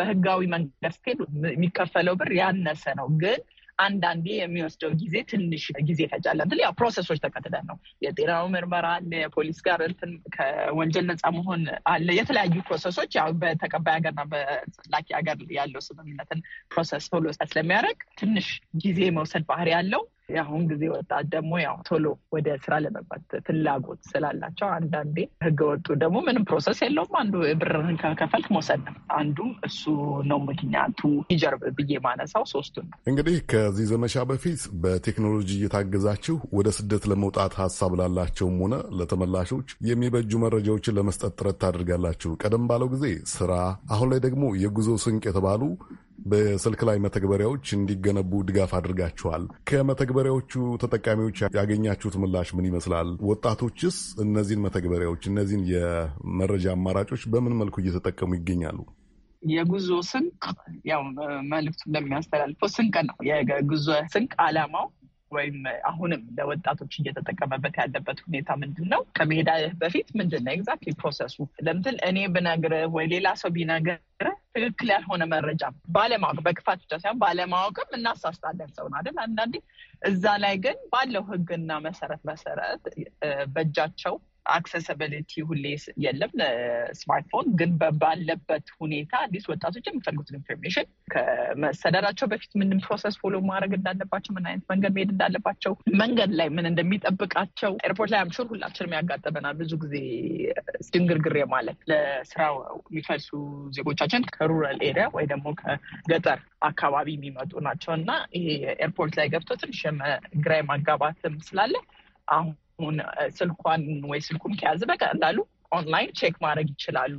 በህጋዊ መንገድ ስትሄድ የሚከፈለው ብር ያነሰ ነው ግን አንዳንዴ የሚወስደው ጊዜ ትንሽ ጊዜ ይፈጃል። እንትን ያው ፕሮሰሶች ተከትለን ነው። የጤናው ምርመራ አለ፣ የፖሊስ ጋር እንትን ከወንጀል ነፃ መሆን አለ። የተለያዩ ፕሮሰሶች ያው በተቀባይ ሀገርና በላኪ ሀገር ያለው ስምምነትን ፕሮሰስ ቶሎ ስለሚያደርግ ትንሽ ጊዜ መውሰድ ባህሪ ያለው የአሁን ጊዜ ወጣት ደግሞ ያው ቶሎ ወደ ስራ ለመግባት ፍላጎት ስላላቸው አንዳንዴ ህገ ወጡ ደግሞ ምንም ፕሮሰስ የለውም። አንዱ ብርህን ከከፈልክ መውሰድ ነው። አንዱም እሱ ነው ምክንያቱ ይጀርብ ብዬ ማነሳው ሶስቱ ነው። እንግዲህ ከዚህ ዘመቻ በፊት በቴክኖሎጂ እየታገዛችሁ ወደ ስደት ለመውጣት ሀሳብ ላላቸውም ሆነ ለተመላሾች የሚበጁ መረጃዎችን ለመስጠት ጥረት ታደርጋላችሁ። ቀደም ባለው ጊዜ ስራ፣ አሁን ላይ ደግሞ የጉዞ ስንቅ የተባሉ በስልክ ላይ መተግበሪያዎች እንዲገነቡ ድጋፍ አድርጋችኋል። ከመተግበሪያዎቹ ተጠቃሚዎች ያገኛችሁት ምላሽ ምን ይመስላል? ወጣቶችስ እነዚህን መተግበሪያዎች እነዚህን የመረጃ አማራጮች በምን መልኩ እየተጠቀሙ ይገኛሉ? የጉዞ ስንቅ ያው መልዕክቱ እንደሚያስተላልፈው ስንቅ ነው። የጉዞ ስንቅ አላማው? ወይም አሁንም ለወጣቶች እየተጠቀመበት ያለበት ሁኔታ ምንድን ነው? ከመሄዳ በፊት ምንድን ነው ኤግዛክትሊ ፕሮሰሱ ለምትል እኔ ብነግርህ ወይ ሌላ ሰው ቢነግርህ ትክክል ያልሆነ መረጃ ባለማወቅ በክፋት ብቻ ሳይሆን ባለማወቅም እናሳስታለን ሰውን አይደል? አንዳንዴ እዛ ላይ ግን ባለው ህግና መሰረት መሰረት በእጃቸው አክሰሰብሊቲ ሁሌ የለም ለስማርትፎን ግን ባለበት ሁኔታ አዲስ ወጣቶች የሚፈልጉትን ኢንፎርሜሽን ከመሰደራቸው በፊት ምንም ፕሮሰስ ፎሎ ማድረግ እንዳለባቸው፣ ምን አይነት መንገድ መሄድ እንዳለባቸው፣ መንገድ ላይ ምን እንደሚጠብቃቸው ኤርፖርት ላይ አምሹር ሁላችንም ያጋጠመናል ብዙ ጊዜ ድንግርግር ማለት ለስራ የሚፈልሱ ዜጎቻችን ከሩራል ኤሪያ ወይ ደግሞ ከገጠር አካባቢ የሚመጡ ናቸው እና ይሄ ኤርፖርት ላይ ገብቶ ትንሽ ግራ ማጋባትም ስላለ አሁን ስልኩን ስልኳን ወይ ስልኩም ከያዘ በቀላሉ ኦንላይን ቼክ ማድረግ ይችላሉ።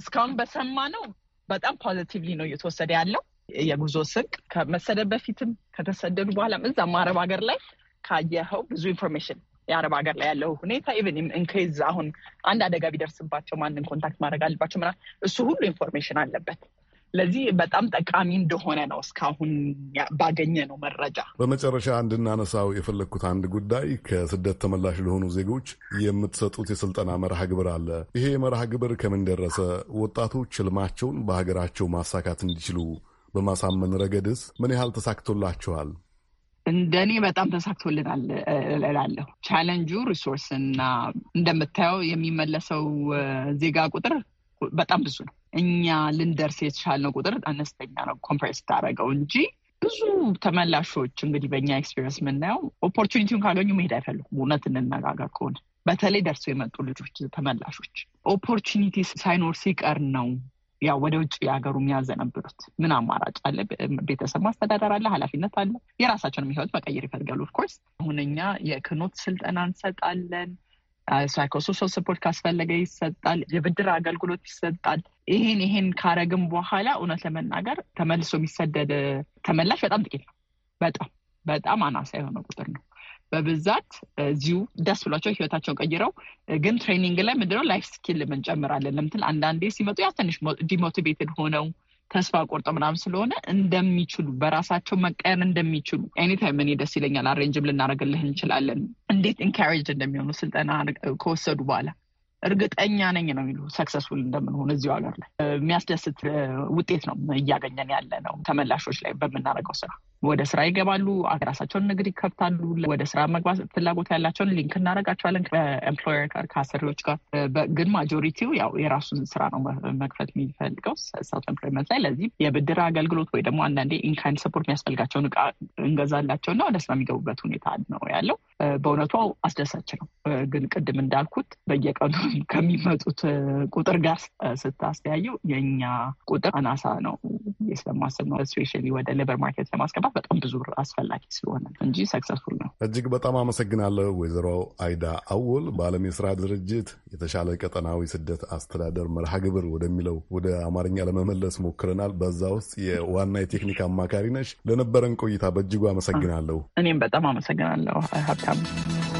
እስካሁን በሰማ ነው በጣም ፖዘቲቭሊ ነው እየተወሰደ ያለው የጉዞ ስንቅ ከመሰደድ በፊትም ከተሰደዱ በኋላም እዛም አረብ ሀገር ላይ ካየኸው ብዙ ኢንፎርሜሽን የአረብ ሀገር ላይ ያለው ሁኔታ ኢቨን እንኬዝ አሁን አንድ አደጋ ቢደርስባቸው ማንን ኮንታክት ማድረግ አለባቸው ምናምን እሱ ሁሉ ኢንፎርሜሽን አለበት። ለዚህ በጣም ጠቃሚ እንደሆነ ነው እስካሁን ባገኘ ነው መረጃ። በመጨረሻ እንድናነሳው የፈለግኩት አንድ ጉዳይ ከስደት ተመላሽ ለሆኑ ዜጎች የምትሰጡት የስልጠና መርሃ ግብር አለ። ይሄ መርሃ ግብር ከምን ደረሰ? ወጣቶች ህልማቸውን በሀገራቸው ማሳካት እንዲችሉ በማሳመን ረገድስ ምን ያህል ተሳክቶላችኋል? እንደኔ በጣም ተሳክቶልናል እላለሁ። ቻለንጁ ሪሶርስ እና እንደምታየው የሚመለሰው ዜጋ ቁጥር በጣም ብዙ ነው። እኛ ልንደርስ የተቻልነው ቁጥር አነስተኛ ነው ኮምፕሬስ ታደረገው እንጂ ብዙ ተመላሾች እንግዲህ በእኛ ኤክስፔሪንስ የምናየው ኦፖርቹኒቲውን ካገኙ መሄድ አይፈልጉም። እውነት እንነጋገር ከሆነ በተለይ ደርሰው የመጡ ልጆች ተመላሾች ኦፖርቹኒቲ ሳይኖር ሲቀር ነው ያ ወደ ውጭ የሀገሩ የሚያዘነብሉት። ምን አማራጭ አለ? ቤተሰብ ማስተዳደር አለ፣ ኃላፊነት አለ። የራሳቸውን ህይወት መቀየር ይፈልጋሉ። ኦፍኮርስ አሁን እኛ የክኖት ስልጠና እንሰጣለን። ሳይኮሶሻል ሰፖርት ካስፈለገ ይሰጣል። የብድር አገልግሎት ይሰጣል። ይሄን ይሄን ካረግም በኋላ እውነት ለመናገር ተመልሶ የሚሰደድ ተመላሽ በጣም ጥቂት ነው። በጣም በጣም አናሳ የሆነ ቁጥር ነው። በብዛት እዚሁ ደስ ብሏቸው ህይወታቸውን ቀይረው ግን ትሬኒንግ ላይ ምንድነው ላይፍ ስኪል እንጨምራለን ለምትል አንዳንዴ ሲመጡ ያ ትንሽ ዲሞቲቬትድ ሆነው ተስፋ ቆርጠው ምናምን ስለሆነ እንደሚችሉ በራሳቸው መቀየር እንደሚችሉ ኤኒታይም እኔ ደስ ይለኛል፣ አሬንጅም ልናደርግልህ እንችላለን። እንዴት ኢንካሬጅ እንደሚሆኑ ስልጠና ከወሰዱ በኋላ እርግጠኛ ነኝ ነው የሚሉ ሰክሰስፉል እንደምንሆን እዚሁ ሀገር ላይ የሚያስደስት ውጤት ነው እያገኘን ያለ ነው ተመላሾች ላይ በምናደርገው ስራ ወደ ስራ ይገባሉ። ራሳቸውን ንግድ ይከፍታሉ። ወደ ስራ መግባት ፍላጎት ያላቸውን ሊንክ እናደርጋቸዋለን ከኤምፕሎየር ጋር ከአሰሪዎች ጋር። ግን ማጆሪቲው ያው የራሱን ስራ ነው መክፈት የሚፈልገው ሰልፍ ኤምፕሎይመንት ላይ። ለዚህ የብድር አገልግሎት ወይ ደግሞ አንዳንዴ ኢንካይንድ ሰፖርት የሚያስፈልጋቸውን እቃ እንገዛላቸውና ወደ ስራ የሚገቡበት ሁኔታ ነው ያለው። በእውነቱ አስደሳች ነው። ግን ቅድም እንዳልኩት በየቀኑ ከሚመጡት ቁጥር ጋር ስታስተያየው የእኛ ቁጥር አናሳ ነው ስለማስብ ነው። ስፔሻሊ ወደ ሌበር ማርኬት ለማስገባት በጣም ብዙ አስፈላጊ ስለሆነ እንጂ ሰክሰስፉል ነው። እጅግ በጣም አመሰግናለሁ ወይዘሮ አይዳ አውል በዓለም የስራ ድርጅት የተሻለ ቀጠናዊ ስደት አስተዳደር መርሃ ግብር ወደሚለው ወደ አማርኛ ለመመለስ ሞክረናል። በዛ ውስጥ የዋና የቴክኒክ አማካሪ ነሽ። ለነበረን ቆይታ በእጅጉ አመሰግናለሁ። እኔም በጣም አመሰግናለሁ Yeah.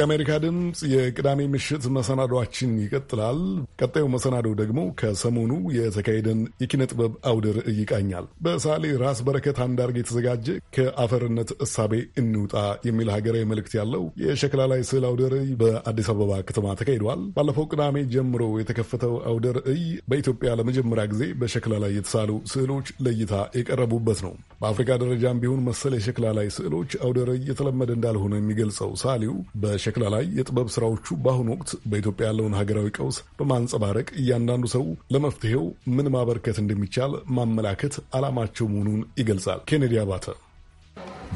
ከአሜሪካ ድምፅ የቅዳሜ ምሽት መሰናዶችን ይቀጥላል። ቀጣዩ መሰናዶ ደግሞ ከሰሞኑ የተካሄደን የኪነ ጥበብ አውደ ርዕይ ይቃኛል። በሳሌ ራስ በረከት አንዳርግ የተዘጋጀ ከአፈርነት እሳቤ እንውጣ የሚል ሀገራዊ መልእክት ያለው የሸክላ ላይ ስዕል አውደ ርዕይ በአዲስ አበባ ከተማ ተካሂደዋል። ባለፈው ቅዳሜ ጀምሮ የተከፈተው አውደ ርዕይ በኢትዮጵያ ለመጀመሪያ ጊዜ በሸክላ ላይ የተሳሉ ስዕሎች ለእይታ የቀረቡበት ነው። በአፍሪካ ደረጃም ቢሆን መሰል የሸክላ ላይ ስዕሎች አውደ ርዕይ የተለመደ እንዳልሆነ የሚገልጸው ሳሊው በሸ ሸክላ ላይ የጥበብ ስራዎቹ በአሁኑ ወቅት በኢትዮጵያ ያለውን ሀገራዊ ቀውስ በማንጸባረቅ እያንዳንዱ ሰው ለመፍትሄው ምን ማበርከት እንደሚቻል ማመላከት ዓላማቸው መሆኑን ይገልጻል። ኬኔዲ አባተ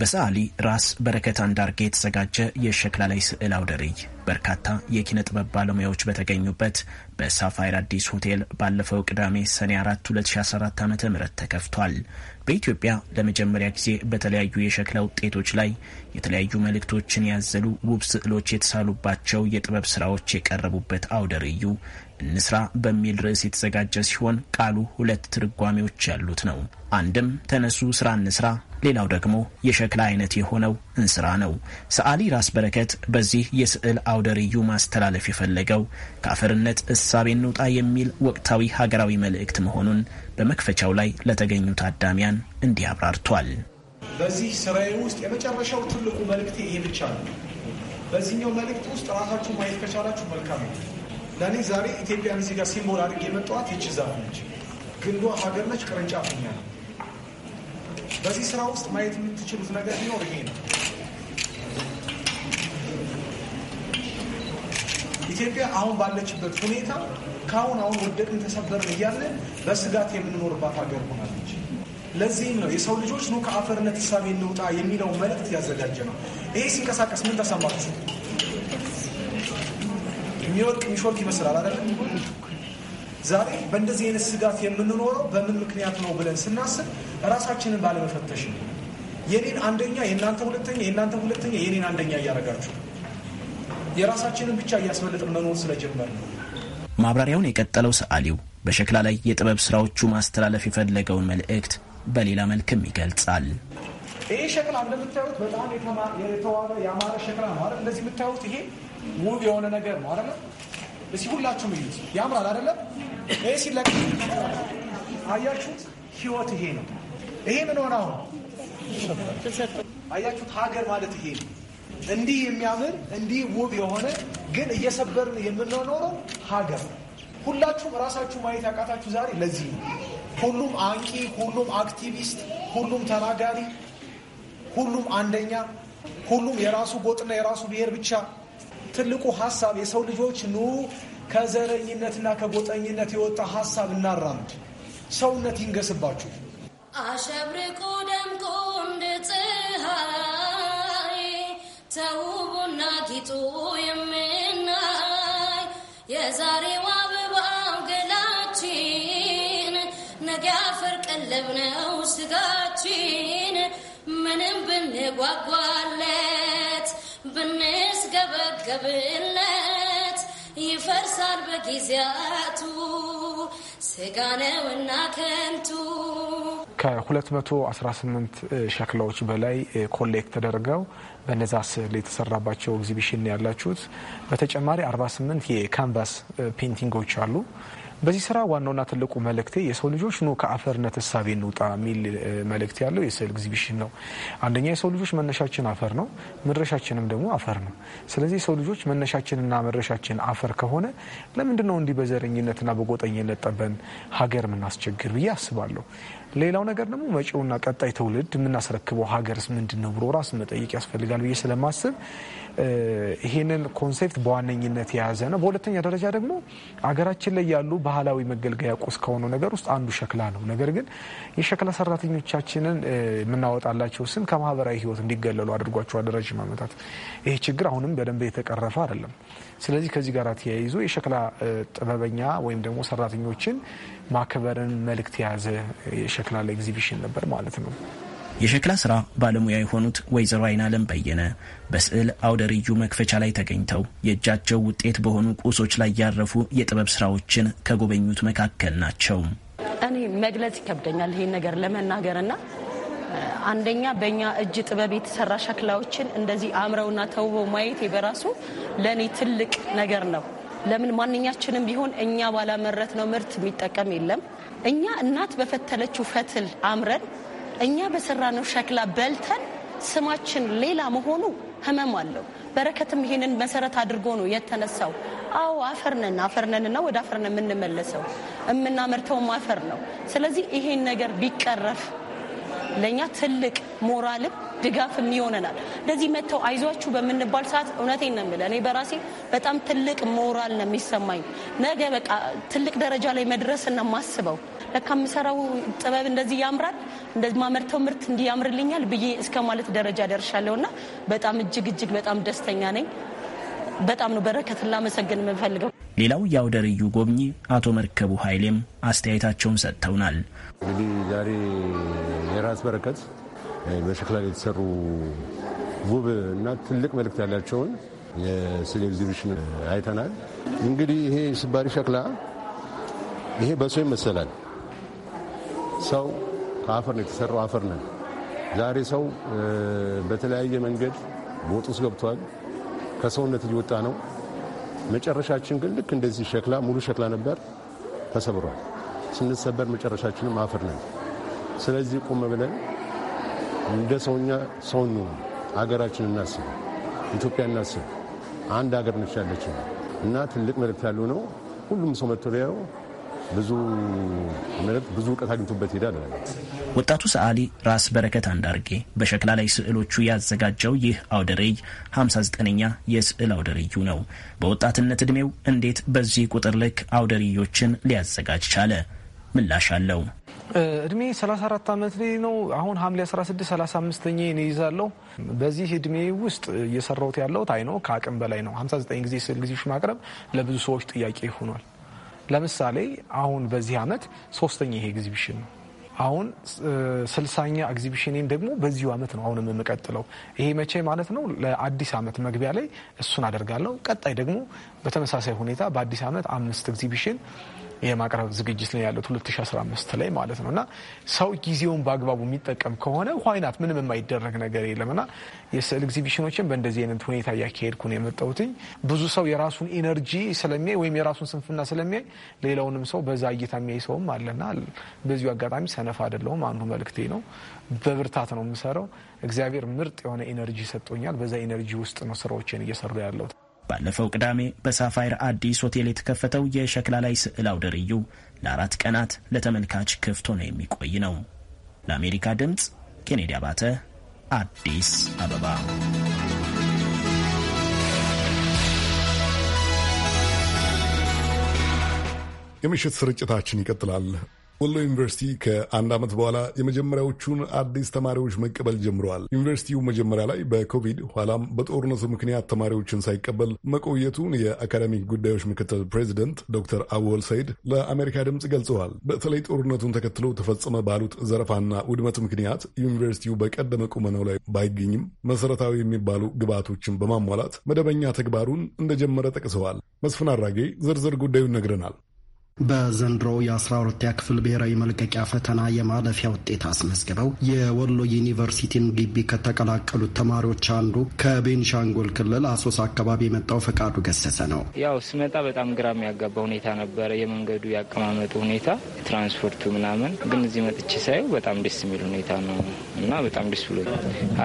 በሰዓሊ ራስ በረከት አንዳርጌ የተዘጋጀ የሸክላ ላይ ስዕል አውደ ርዕይ በርካታ የኪነ ጥበብ ባለሙያዎች በተገኙበት በሳፋይር አዲስ ሆቴል ባለፈው ቅዳሜ ሰኔ 4 2014 ዓ ም ተከፍቷል። በኢትዮጵያ ለመጀመሪያ ጊዜ በተለያዩ የሸክላ ውጤቶች ላይ የተለያዩ መልእክቶችን ያዘሉ ውብ ስዕሎች የተሳሉባቸው የጥበብ ስራዎች የቀረቡበት አውደ ርዕዩ እንስራ በሚል ርዕስ የተዘጋጀ ሲሆን ቃሉ ሁለት ትርጓሜዎች ያሉት ነው። አንድም ተነሱ ስራ እንስራ፣ ሌላው ደግሞ የሸክላ አይነት የሆነው እንስራ ነው። ሰዓሊ ራስ በረከት በዚህ የስዕል አውደ ርዕዩ ማስተላለፍ የፈለገው ከአፈርነት እሳቤ እንውጣ የሚል ወቅታዊ ሀገራዊ መልእክት መሆኑን በመክፈቻው ላይ ለተገኙ ታዳሚያን እንዲህ አብራርቷል። በዚህ ስራዬ ውስጥ የመጨረሻው ትልቁ መልእክት ይሄ ብቻ ነው። በዚህኛው መልእክት ውስጥ ራሳችሁ ማየት ከቻላችሁ መልካም ነው። ለእኔ ዛሬ ኢትዮጵያን እዚህ ጋር ሲምቦል አድርጌ የመጣኋት ይቺ ዛፍ ነች። ግንዷ ሀገር ነች፣ ቅርንጫፍኛ ነው በዚህ ስራ ውስጥ ማየት የምትችሉት ነገር ቢኖር ይሄ ነው። ኢትዮጵያ አሁን ባለችበት ሁኔታ ከአሁን አሁን ወደቅን ተሰበርን እያለን በስጋት የምንኖርባት ሀገር ሆናለች። ለዚህም ነው የሰው ልጆች ኑ ከአፈርነት ሳቢ እንውጣ የሚለው መልእክት ያዘጋጀ ነው። ይሄ ሲንቀሳቀስ ምን ተሰማችሁ? የሚወድቅ የሚሾልክ ይመስላል አይደለም? ዛሬ በእንደዚህ አይነት ስጋት የምንኖረው በምን ምክንያት ነው ብለን ስናስብ ራሳችንን ባለመፈተሽ ነው። የኔን አንደኛ የእናንተ ሁለተኛ፣ የእናንተ ሁለተኛ የኔን አንደኛ እያደረጋችሁ የራሳችንን ብቻ እያስበለጥን መኖር ስለጀመር ነው። ማብራሪያውን የቀጠለው ሰዓሊው በሸክላ ላይ የጥበብ ስራዎቹ ማስተላለፍ የፈለገውን መልእክት በሌላ መልክም ይገልጻል። ይህ ሸክላ እንደምታዩት በጣም የተዋበ ያማረ ሸክላ ነው። እንደዚህ የምታዩት ይሄ ውብ የሆነ ነገር ነው አይደለ? እስኪ ሁላችሁም እዩት። ያምራል አይደለም? ይህ ሲለቅ አያችሁት? ህይወት ይሄ ነው። ይሄ ምን ሆነ አሁን? አያችሁት? ሀገር ማለት ይሄ ነው። እንዲህ የሚያምር እንዲህ ውብ የሆነ ግን እየሰበርን የምንኖረው ሀገር ሁላችሁም ራሳችሁ ማየት ያቃታችሁ ዛሬ ለዚህ ነው። ሁሉም አንቂ፣ ሁሉም አክቲቪስት፣ ሁሉም ተናጋሪ፣ ሁሉም አንደኛ፣ ሁሉም የራሱ ጎጥና የራሱ ብሔር ብቻ ትልቁ ሀሳብ የሰው ልጆች ኑ ከዘረኝነትና ከጎጠኝነት የወጣ ሀሳብ እናራምድ፣ ሰውነት ይንገስባችሁ። አሸብርቆ ደምቆ እንደ ፀሐይ ተውቡና ጊጡ የምናይ የዛሬው አበባው ገላችን ነገ አፈር ቀለብ ነው ስጋችን ምንም ብንጓጓለን ብንስገበገብለት ይፈርሳል በጊዜያቱ ስጋ ነውና ከንቱ። ከ218 ሸክላዎች በላይ ኮሌክት ተደርገው በነዛ ስዕል የተሰራባቸው ኤግዚቢሽን ያላችሁት። በተጨማሪ 48 የካንቫስ ፔንቲንጎች አሉ። በዚህ ስራ ዋናውና ትልቁ መልእክቴ የሰው ልጆች ኑ ከአፈርነት እሳቤ እንውጣ የሚል መልእክት ያለው የስዕል ኤግዚቢሽን ነው። አንደኛ የሰው ልጆች መነሻችን አፈር ነው፣ መድረሻችንም ደግሞ አፈር ነው። ስለዚህ የሰው ልጆች መነሻችንና መድረሻችን አፈር ከሆነ ለምንድን ነው እንዲህ በዘረኝነትና በጎጠኝነት ጠበን ሀገር ምናስቸግር ብዬ አስባለሁ። ሌላው ነገር ደግሞ መጪውና ቀጣይ ትውልድ የምናስረክበው ሀገርስ ምንድን ነው ብሎ ራስ መጠየቅ ያስፈልጋል ብዬ ስለማስብ ይህንን ኮንሴፕት በዋነኝነት የያዘ ነው። በሁለተኛ ደረጃ ደግሞ አገራችን ላይ ያሉ ባህላዊ መገልገያ ቁስ ከሆነ ነገር ውስጥ አንዱ ሸክላ ነው። ነገር ግን የሸክላ ሰራተኞቻችንን የምናወጣላቸው ስም ከማህበራዊ ህይወት እንዲገለሉ አድርጓቸዋል ረዥም ዓመታት። ይህ ችግር አሁንም በደንብ የተቀረፈ አይደለም። ስለዚህ ከዚህ ጋር ተያይዞ የሸክላ ጥበበኛ ወይም ደግሞ ሰራተኞችን ማክበርን መልእክት የያዘ የሸክላ ኤግዚቢሽን ነበር ማለት ነው። የሸክላ ስራ ባለሙያ የሆኑት ወይዘሮ አለም በየነ በስዕል አውደ ርዕዩ መክፈቻ ላይ ተገኝተው የእጃቸው ውጤት በሆኑ ቁሶች ላይ ያረፉ የጥበብ ስራዎችን ከጎበኙት መካከል ናቸው። እኔ መግለጽ ይከብደኛል ይሄን ነገር ለመናገርና አንደኛ በእኛ እጅ ጥበብ የተሰራ ሸክላዎችን እንደዚህ አምረውና ተውበው ማየቴ በራሱ ለእኔ ትልቅ ነገር ነው። ለምን ማንኛችንም ቢሆን እኛ ባላመረት ነው ምርት የሚጠቀም የለም። እኛ እናት በፈተለችው ፈትል አምረን እኛ በሰራነው ሸክላ በልተን ስማችን ሌላ መሆኑ ህመም አለው። በረከትም ይሄንን መሰረት አድርጎ ነው የተነሳው። አዎ አፈርነን አፈርነንና ወደ አፈርነን የምንመለሰው የምናመርተውም አፈር ነው። ስለዚህ ይሄን ነገር ቢቀረፍ ለእኛ ትልቅ ሞራልም ድጋፍም ይሆነናል። እንደዚህ መጥተው አይዟችሁ በምንባል ሰዓት እውነቴን ነው የምልህ እኔ በራሴ በጣም ትልቅ ሞራል ነው የሚሰማኝ። ነገ በቃ ትልቅ ደረጃ ላይ መድረስ ነው የማስበው። ለካ የምሰራው ጥበብ እንደዚህ ያምራል፣ እንደዚህ ማመርተው ምርት እንዲህ ያምርልኛል ብዬ እስከ ማለት ደረጃ ደርሻለሁ እና በጣም እጅግ እጅግ በጣም ደስተኛ ነኝ። በጣም ነው በረከትን ላመሰግን የምንፈልገው። ሌላው የአውደ ርዕዩ ጎብኚ አቶ መርከቡ ኃይሌም አስተያየታቸውን ሰጥተውናል። እንግዲህ ዛሬ የራስ በረከት በሸክላ ላይ የተሰሩ ውብ እና ትልቅ መልእክት ያላቸውን የስዕል ኤግዚቢሽን አይተናል። እንግዲህ ይሄ ስባሪ ሸክላ ይሄ በሰው ይመሰላል ሰው ከአፈር ነው የተሰራው፣ አፈር ነን። ዛሬ ሰው በተለያየ መንገድ ቦጥ ውስጥ ገብቷል፣ ከሰውነት እየወጣ ነው። መጨረሻችን ግን ልክ እንደዚህ ሸክላ ሙሉ ሸክላ ነበር፣ ተሰብሯል። ስንሰበር መጨረሻችንም አፈር ነን። ስለዚህ ቁም ብለን እንደ ሰውኛ ሰው እንሆን፣ ሀገራችን እናስብ፣ ኢትዮጵያ እናስብ። አንድ ሀገር ነች ያለችን እና ትልቅ መልእክት ያለው ነው። ሁሉም ሰው መጥቶ ሊያየው ብዙ ማለት ብዙ እውቀት አግኝቶበት ሄዳ አለ። ወጣቱ ሰዓሊ ራስ በረከት አንዳርጌ በሸክላ ላይ ስዕሎቹ ያዘጋጀው ይህ አውደ 59ኛ የስዕል አውደ ነው። በወጣትነት ዕድሜው እንዴት በዚህ ቁጥር ልክ አውደርዮችን ሊያዘጋጅ ቻለ? ምላሽ አለው። እድሜ 34 ዓመት ላይ ነው። አሁን ሐምሌ 16 35ኛ ይይዛለሁ። በዚህ እድሜ ውስጥ እየሰራሁት ያለሁት አይ ነው ከአቅም በላይ ነው። 59 ጊዜ ስዕል ጊዜሽ ማቅረብ ለብዙ ሰዎች ጥያቄ ሆኗል። ለምሳሌ አሁን በዚህ ዓመት ሶስተኛ ይሄ ኤግዚቢሽን ነው። አሁን ስልሳኛ ኤግዚቢሽኔን ደግሞ በዚሁ ዓመት ነው አሁን የምቀጥለው። ይሄ መቼ ማለት ነው? ለአዲስ ዓመት መግቢያ ላይ እሱን አደርጋለሁ። ቀጣይ ደግሞ በተመሳሳይ ሁኔታ በአዲስ ዓመት አምስት ኤግዚቢሽን የማቅረብ ዝግጅት ላይ ያሉት 2015 ላይ ማለት ነው እና ሰው ጊዜውን በአግባቡ የሚጠቀም ከሆነ ዋይናት ምንም የማይደረግ ነገር የለም እና የስዕል ኤግዚቢሽኖችን በእንደዚህ አይነት ሁኔታ እያካሄድኩ ነው የመጣሁትኝ። ብዙ ሰው የራሱን ኤነርጂ ስለሚያይ ወይም የራሱን ስንፍና ስለሚያይ ሌላውንም ሰው በዛ እይታ የሚያይ ሰውም አለና በዚሁ አጋጣሚ ሰነፍ አይደለሁም። አንዱ መልእክቴ ነው። በብርታት ነው የምሰራው። እግዚአብሔር ምርጥ የሆነ ኤነርጂ ሰጥቶኛል። በዛ ኤነርጂ ውስጥ ነው ስራዎችን እየሰሩ ያለሁት። ባለፈው ቅዳሜ በሳፋይር አዲስ ሆቴል የተከፈተው የሸክላ ላይ ስዕል አውደ ርዕዩ ለአራት ቀናት ለተመልካች ክፍት ሆኖ የሚቆይ ነው። ለአሜሪካ ድምፅ ኬኔዲ አባተ አዲስ አበባ። የምሽት ስርጭታችን ይቀጥላል። ወሎ ዩኒቨርሲቲ ከአንድ ዓመት በኋላ የመጀመሪያዎቹን አዲስ ተማሪዎች መቀበል ጀምረዋል። ዩኒቨርሲቲው መጀመሪያ ላይ በኮቪድ ኋላም በጦርነቱ ምክንያት ተማሪዎችን ሳይቀበል መቆየቱን የአካዳሚክ ጉዳዮች ምክትል ፕሬዚደንት ዶክተር አወል ሰይድ ለአሜሪካ ድምፅ ገልጸዋል። በተለይ ጦርነቱን ተከትሎ ተፈጸመ ባሉት ዘረፋና ውድመት ምክንያት ዩኒቨርሲቲው በቀደመ ቁመናው ላይ ባይገኝም መሰረታዊ የሚባሉ ግብዓቶችን በማሟላት መደበኛ ተግባሩን እንደጀመረ ጠቅሰዋል። መስፍን አራጌ ዝርዝር ጉዳዩን ነግረናል። በዘንድሮ የ12ኛ ክፍል ብሔራዊ መልቀቂያ ፈተና የማለፊያ ውጤት አስመዝግበው የወሎ ዩኒቨርሲቲን ግቢ ከተቀላቀሉት ተማሪዎች አንዱ ከቤንሻንጉል ክልል አሶሳ አካባቢ የመጣው ፈቃዱ ገሰሰ ነው። ያው ስመጣ በጣም ግራም ያጋባ ሁኔታ ነበረ፣ የመንገዱ ያቀማመጡ ሁኔታ፣ ትራንስፖርቱ ምናምን። ግን እዚህ መጥቼ ሳየው በጣም ደስ የሚል ሁኔታ ነው እና በጣም ደስ ብሎ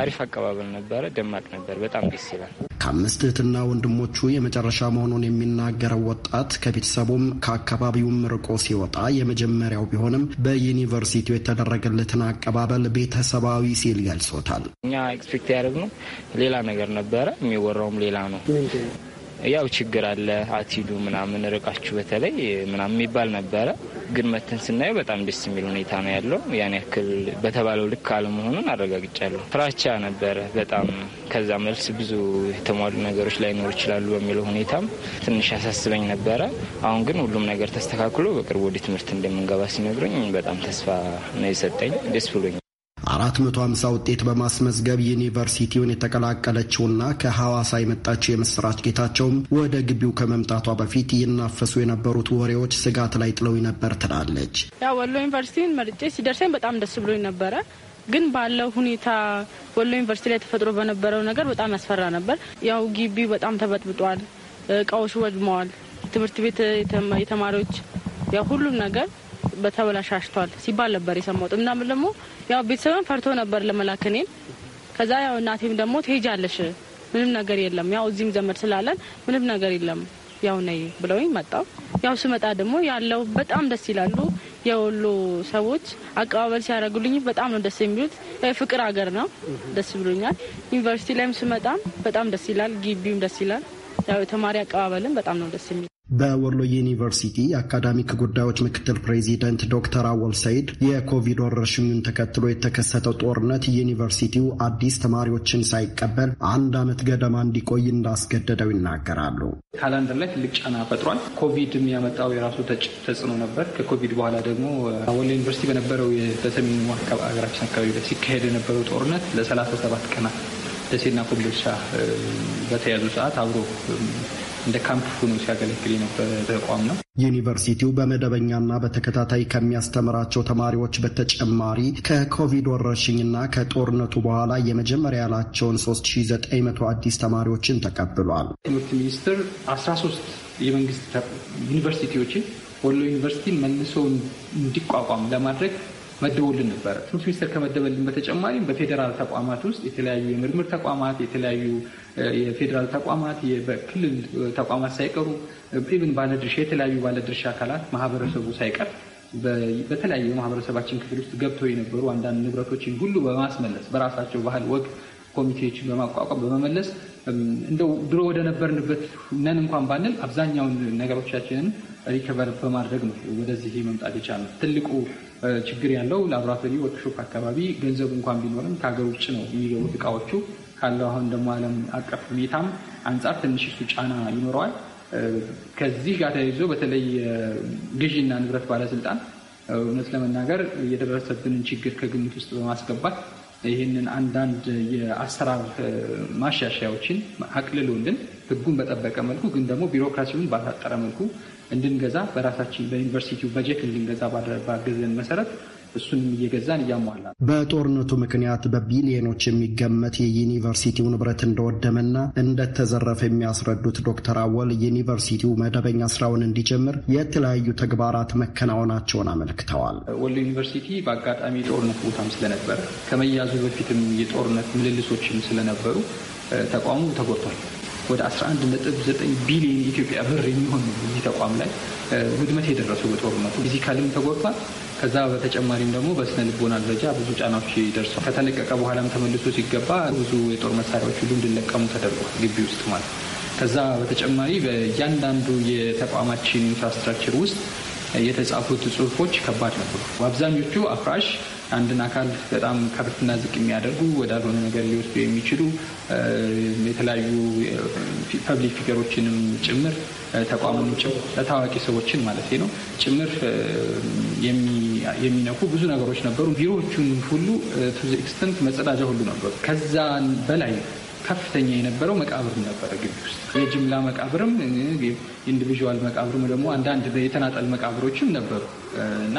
አሪፍ አቀባበል ነበረ፣ ደማቅ ነበር። በጣም ደስ ይላል። ከአምስት እህትና ወንድሞቹ የመጨረሻ መሆኑን የሚናገረው ወጣት ከቤተሰቡም ከአካባቢ ተማሪውም ርቆ ሲወጣ የመጀመሪያው ቢሆንም በዩኒቨርሲቲው የተደረገለትን አቀባበል ቤተሰባዊ ሲል ገልጾታል። እኛ ኤክስፔክት ያደረግነው ሌላ ነገር ነበረ፣ የሚወራውም ሌላ ነው። ያው ችግር አለ አትሂዱ ምናምን ርቃችሁ በተለይ ምናምን የሚባል ነበረ። ግን መተን ስናየው በጣም ደስ የሚል ሁኔታ ነው ያለው። ያን ያክል በተባለው ልክ አለመሆኑን አረጋግጫለሁ። ፍራቻ ነበረ በጣም ከዛ መልስ ብዙ የተሟሉ ነገሮች ላይኖሩ ይችላሉ በሚለው ሁኔታም ትንሽ ያሳስበኝ ነበረ። አሁን ግን ሁሉም ነገር ተስተካክሎ በቅርቡ ወደ ትምህርት እንደምንገባ ሲነግሩኝ በጣም ተስፋ ነው የሰጠኝ። ደስ ብሎኛል። 450 ውጤት በማስመዝገብ ዩኒቨርሲቲውን የተቀላቀለችውና ከሐዋሳ የመጣችው የምስራች ጌታቸውም ወደ ግቢው ከመምጣቷ በፊት ይናፈሱ የነበሩት ወሬዎች ስጋት ላይ ጥለው ነበር ትላለች። ወሎ ዩኒቨርሲቲን መርጬ ሲደርሰኝ በጣም ደስ ብሎኝ ነበረ ግን ባለው ሁኔታ ወሎ ዩኒቨርሲቲ ላይ ተፈጥሮ በነበረው ነገር በጣም ያስፈራ ነበር። ያው ግቢ በጣም ተበጥብጧል፣ እቃዎች ወድመዋል፣ ትምህርት ቤት የተማሪዎች ያው ሁሉም ነገር በተበላሻሽቷል ሲባል ነበር የሰማሁት። ምናምን ደግሞ ያው ቤተሰብን ፈርቶ ነበር ለመላክ እኔን። ከዛ ያው እናቴም ደግሞ ትሄጃለሽ፣ ምንም ነገር የለም ያው እዚህም ዘመድ ስላለን ምንም ነገር የለም ያው ነይ ብለውኝ መጣው። ያው ስመጣ ደግሞ ያለው በጣም ደስ ይላሉ የወሎ ሰዎች አቀባበል ሲያደርጉልኝ በጣም ነው ደስ የሚሉት። ፍቅር ሀገር ነው፣ ደስ ብሎኛል። ዩኒቨርሲቲ ላይም ስመጣም በጣም ደስ ይላል፣ ግቢውም ደስ ይላል። ያው የተማሪ አቀባበልም በጣም ነው ደስ የሚል በወሎ ዩኒቨርሲቲ የአካዳሚክ ጉዳዮች ምክትል ፕሬዚደንት ዶክተር አወል ሰይድ የኮቪድ ወረርሽኙን ተከትሎ የተከሰተው ጦርነት ዩኒቨርሲቲው አዲስ ተማሪዎችን ሳይቀበል አንድ ዓመት ገደማ እንዲቆይ እንዳስገደደው ይናገራሉ። ካላንደር ላይ ትልቅ ጫና ፈጥሯል። ኮቪድ የሚያመጣው የራሱ ተጽዕኖ ነበር። ከኮቪድ በኋላ ደግሞ ወሎ ዩኒቨርሲቲ በነበረው በሰሜኑ ሀገራችን አካባቢ ላይ ሲካሄድ የነበረው ጦርነት ለሰላሳ ሰባት ቀናት ደሴና ኮምቦልቻ በተያዙ ሰዓት አብሮ እንደ ካምፕ ሆኖ ሲያገለግል የነበረ ተቋም ነው። ዩኒቨርሲቲው በመደበኛና በተከታታይ ከሚያስተምራቸው ተማሪዎች በተጨማሪ ከኮቪድ ወረርሽኝና ከጦርነቱ በኋላ የመጀመሪያ ያላቸውን 3900 አዲስ ተማሪዎችን ተቀብሏል። ትምህርት ሚኒስቴር 13 የመንግስት ዩኒቨርሲቲዎችን ወሎ ዩኒቨርሲቲ መልሶ እንዲቋቋም ለማድረግ መደወልን ነበረ። ትምህርት ሚኒስቴር ከመደበልን በተጨማሪም በፌዴራል ተቋማት ውስጥ የተለያዩ የምርምር ተቋማት የተለያዩ የፌዴራል ተቋማት፣ በክልል ተቋማት ሳይቀሩ ኢቭን ባለድርሻ የተለያዩ ባለድርሻ አካላት ማህበረሰቡ ሳይቀር በተለያዩ የማህበረሰባችን ክፍል ውስጥ ገብተው የነበሩ አንዳንድ ንብረቶችን ሁሉ በማስመለስ በራሳቸው ባህል ወግ ኮሚቴዎችን በማቋቋም በመመለስ እንደው ድሮ ወደ ነበርንበት ነን እንኳን ባንል አብዛኛውን ነገሮቻችንን ሪከቨር በማድረግ ነው ወደዚህ መምጣት የቻልነው። ትልቁ ችግር ያለው ላቦራቶሪ ወርክሾፕ አካባቢ ገንዘቡ እንኳን ቢኖርም ከሀገር ውጭ ነው የሚገቡት እቃዎቹ። ካለው አሁን ደግሞ ዓለም አቀፍ ሁኔታም አንጻር ትንሽ እሱ ጫና ይኖረዋል። ከዚህ ጋር ተያይዞ በተለይ ግዥና ንብረት ባለስልጣን እውነት ለመናገር የደረሰብንን ችግር ከግምት ውስጥ በማስገባት ይህንን አንዳንድ የአሰራር ማሻሻያዎችን አቅልሎልን ህጉን በጠበቀ መልኩ ግን ደግሞ ቢሮክራሲውን ባሳጠረ መልኩ እንድንገዛ በራሳችን በዩኒቨርሲቲው በጀት እንድንገዛ ባገዘን መሰረት እሱንም እየገዛን እያሟላ በጦርነቱ ምክንያት በቢሊዮኖች የሚገመት የዩኒቨርሲቲው ንብረት እንደወደመና እንደተዘረፈ የሚያስረዱት ዶክተር አወል ዩኒቨርሲቲው መደበኛ ስራውን እንዲጀምር የተለያዩ ተግባራት መከናወናቸውን አመልክተዋል። ወሎ ዩኒቨርሲቲ በአጋጣሚ የጦርነት ቦታም ስለነበረ ከመያዙ በፊትም የጦርነት ምልልሶችም ስለነበሩ ተቋሙ ተጎድቷል። ወደ 11.9 ቢሊዮን የኢትዮጵያ ብር የሚሆን እዚህ ተቋም ላይ ውድመት የደረሰው በጦርነቱ ፊዚካልም ተጎድቷል። ከዛ በተጨማሪም ደግሞ በስነ ልቦና ደረጃ ብዙ ጫናዎች ይደርሷል። ከተለቀቀ በኋላም ተመልሶ ሲገባ ብዙ የጦር መሳሪያዎች ሁሉ እንዲለቀሙ ተደርጓል፣ ግቢ ውስጥ ማለት። ከዛ በተጨማሪ በእያንዳንዱ የተቋማችን ኢንፍራስትራክቸር ውስጥ የተጻፉት ጽሁፎች ከባድ ነበሩ። አብዛኞቹ አፍራሽ አንድን አካል በጣም ከፍትና ዝቅ የሚያደርጉ ወዳልሆነ ነገር ሊወስዱ የሚችሉ የተለያዩ ፐብሊክ ፊገሮችንም ጭምር ተቋሙን ታዋቂ ሰዎችን ማለት ነው ጭምር የሚነኩ ብዙ ነገሮች ነበሩ። ቢሮዎቹን ሁሉ ቱ ዘ ኤክስተንት መጸዳጃ ሁሉ ነበሩ። ከዛ በላይ ከፍተኛ የነበረው መቃብር ነበረ ግቢ ውስጥ የጅምላ መቃብርም ኢንዲቪዥዋል መቃብርም ደግሞ አንዳንድ የተናጠል መቃብሮችም ነበሩ እና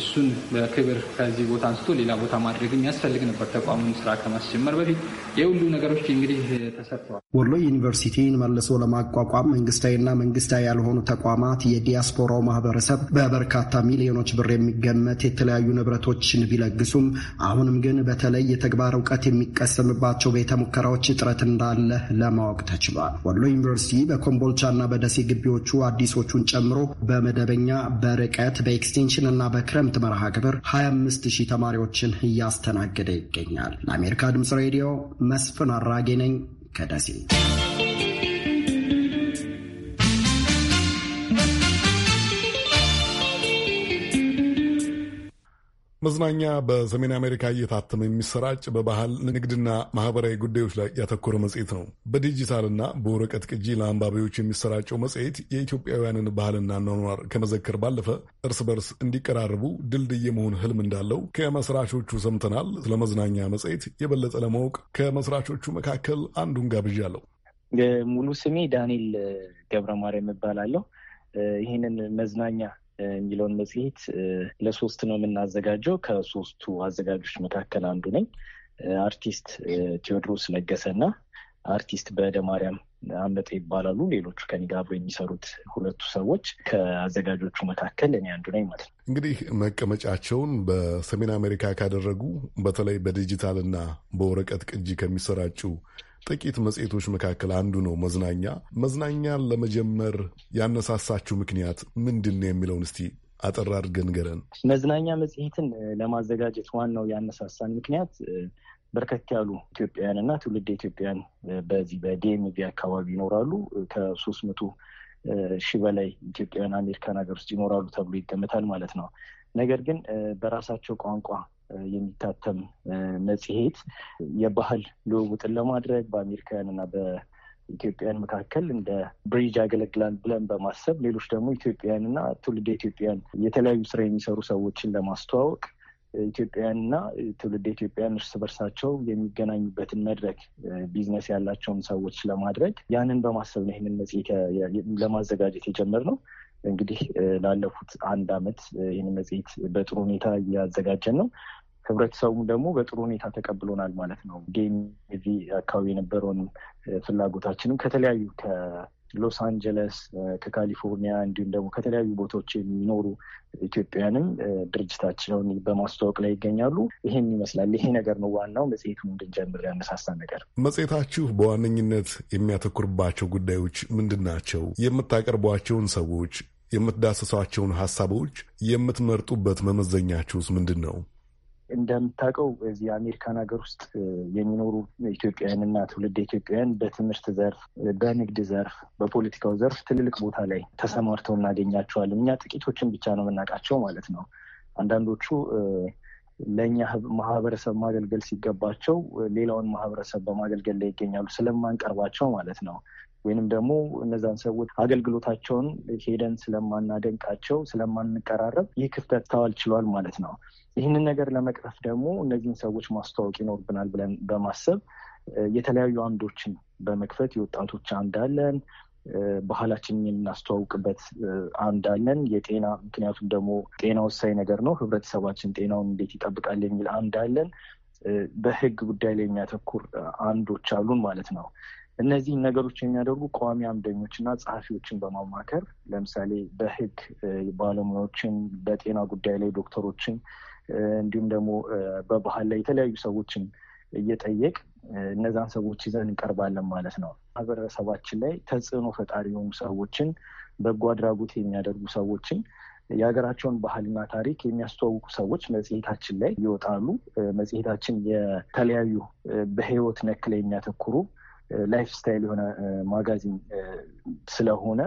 እሱን በክብር ከዚህ ቦታ አንስቶ ሌላ ቦታ ማድረግ የሚያስፈልግ ነበር። ተቋሙን ስራ ከማስጀመር በፊት የሁሉ ነገሮች እንግዲህ ተሰርተዋል። ወሎ ዩኒቨርሲቲን መልሶ ለማቋቋም መንግስታዊና መንግስታዊ ያልሆኑ ተቋማት፣ የዲያስፖራው ማህበረሰብ በበርካታ ሚሊዮኖች ብር የሚገመት የተለያዩ ንብረቶችን ቢለግሱም አሁንም ግን በተለይ የተግባር እውቀት የሚቀሰምባቸው ቤተሙከራዎች እጥረት እንዳለ ለማወቅ ተችሏል። ወሎ ዩኒቨርሲቲ በኮምቦልቻና በደሴ ግቢዎቹ አዲሶቹን ጨምሮ በመደበኛ በርቀት በኤክስቴንሽን እና በክረ የክረምት መርሃ ግብር 25 ሺህ ተማሪዎችን እያስተናገደ ይገኛል። ለአሜሪካ ድምፅ ሬዲዮ መስፍን አራጌ ነኝ ከደሴ መዝናኛ በሰሜን አሜሪካ እየታተመ የሚሰራጭ በባህል ንግድና ማህበራዊ ጉዳዮች ላይ ያተኮረ መጽሔት ነው። በዲጂታልና በወረቀት ቅጂ ለአንባቢዎች የሚሰራጨው መጽሔት የኢትዮጵያውያንን ባህልና ኗኗር ከመዘከር ባለፈ እርስ በርስ እንዲቀራርቡ ድልድይ የመሆን ህልም እንዳለው ከመስራቾቹ ሰምተናል። ስለ መዝናኛ መጽሔት የበለጠ ለማወቅ ከመስራቾቹ መካከል አንዱን ጋብዣለሁ። ሙሉ ስሜ ዳንኤል ገብረ ማርያም እባላለሁ። ይህንን መዝናኛ የሚለውን መጽሔት ለሶስት ነው የምናዘጋጀው። ከሶስቱ አዘጋጆች መካከል አንዱ ነኝ። አርቲስት ቴዎድሮስ ለገሰና አርቲስት ማርያም አመጠ ይባላሉ። ሌሎቹ ከኔ ጋር የሚሰሩት ሁለቱ ሰዎች ከአዘጋጆቹ መካከል እኔ አንዱ ነኝ ማለት ነው። እንግዲህ መቀመጫቸውን በሰሜን አሜሪካ ካደረጉ በተለይ በዲጂታልና በወረቀት ቅጂ ከሚሰራጩ ጥቂት መጽሔቶች መካከል አንዱ ነው መዝናኛ። መዝናኛን ለመጀመር ያነሳሳችሁ ምክንያት ምንድን ነው የሚለውን እስቲ አጠር አድርገን ንገረን። መዝናኛ መጽሔትን ለማዘጋጀት ዋናው ያነሳሳን ምክንያት በርከት ያሉ ኢትዮጵያውያን እና ትውልድ ኢትዮጵያውያን በዚህ በዲኤምቪ አካባቢ ይኖራሉ። ከሶስት መቶ ሺህ በላይ ኢትዮጵያውያን አሜሪካን ሀገር ውስጥ ይኖራሉ ተብሎ ይገመታል ማለት ነው። ነገር ግን በራሳቸው ቋንቋ የሚታተም መጽሔት የባህል ልውውጥን ለማድረግ በአሜሪካውያን እና በኢትዮጵያን መካከል እንደ ብሪጅ ያገለግላል ብለን በማሰብ ሌሎች ደግሞ ኢትዮጵያን እና ትውልደ ኢትዮጵያን የተለያዩ ስራ የሚሰሩ ሰዎችን ለማስተዋወቅ ኢትዮጵያውያንና ትውልድ ኢትዮጵያውያን እርስ በርሳቸው የሚገናኙበትን መድረክ ቢዝነስ ያላቸውን ሰዎች ለማድረግ ያንን በማሰብ ነው ይህንን መጽሔት ለማዘጋጀት የጀመርነው። እንግዲህ ላለፉት አንድ አመት ይህን መጽሔት በጥሩ ሁኔታ እያዘጋጀን ነው። ህብረተሰቡም ደግሞ በጥሩ ሁኔታ ተቀብሎናል ማለት ነው። ጌም እዚህ አካባቢ የነበረውን ፍላጎታችንም ከተለያዩ ከሎስ አንጀለስ፣ ከካሊፎርኒያ እንዲሁም ደግሞ ከተለያዩ ቦታዎች የሚኖሩ ኢትዮጵያውያንም ድርጅታቸውን በማስተዋወቅ ላይ ይገኛሉ። ይህም ይመስላል። ይሄ ነገር ነው ዋናው መጽሔቱን እንድንጀምር ያነሳሳ ነገር። መጽሔታችሁ በዋነኝነት የሚያተኩርባቸው ጉዳዮች ምንድን ናቸው? የምታቀርቧቸውን ሰዎች የምትዳሰሷቸውን ሀሳቦች የምትመርጡበት መመዘኛችሁስ ምንድን ነው? እንደምታውቀው እዚህ አሜሪካን ሀገር ውስጥ የሚኖሩ ኢትዮጵያውያንና ትውልድ ኢትዮጵያውያን በትምህርት ዘርፍ፣ በንግድ ዘርፍ፣ በፖለቲካው ዘርፍ ትልልቅ ቦታ ላይ ተሰማርተው እናገኛቸዋለን። እኛ ጥቂቶችን ብቻ ነው የምናውቃቸው ማለት ነው። አንዳንዶቹ ለእኛ ማህበረሰብ ማገልገል ሲገባቸው ሌላውን ማህበረሰብ በማገልገል ላይ ይገኛሉ ስለማንቀርባቸው ማለት ነው። ወይንም ደግሞ እነዛን ሰዎች አገልግሎታቸውን ሄደን ስለማናደንቃቸው፣ ስለማንቀራረብ ይህ ክፍተት ታዋል ችሏል ማለት ነው። ይህንን ነገር ለመቅረፍ ደግሞ እነዚህን ሰዎች ማስተዋወቅ ይኖርብናል ብለን በማሰብ የተለያዩ አምዶችን በመክፈት የወጣቶች አምድ አለን፣ ባህላችንን የምናስተዋውቅበት አምድ አለን። የጤና ምክንያቱም ደግሞ ጤና ወሳኝ ነገር ነው። ህብረተሰባችን ጤናውን እንዴት ይጠብቃል የሚል አምድ አለን። በህግ ጉዳይ ላይ የሚያተኩር አምዶች አሉን ማለት ነው። እነዚህን ነገሮች የሚያደርጉ ቋሚ አምደኞች እና ጸሐፊዎችን በማማከር ለምሳሌ በህግ ባለሙያዎችን፣ በጤና ጉዳይ ላይ ዶክተሮችን፣ እንዲሁም ደግሞ በባህል ላይ የተለያዩ ሰዎችን እየጠየቅ እነዛን ሰዎች ይዘን እንቀርባለን ማለት ነው። ማህበረሰባችን ላይ ተጽዕኖ ፈጣሪ የሆኑ ሰዎችን፣ በጎ አድራጎት የሚያደርጉ ሰዎችን፣ የሀገራቸውን ባህልና ታሪክ የሚያስተዋውቁ ሰዎች መጽሔታችን ላይ ይወጣሉ። መጽሔታችን የተለያዩ በህይወት ነክ ላይ የሚያተኩሩ ላይፍ ስታይል የሆነ ማጋዚን ስለሆነ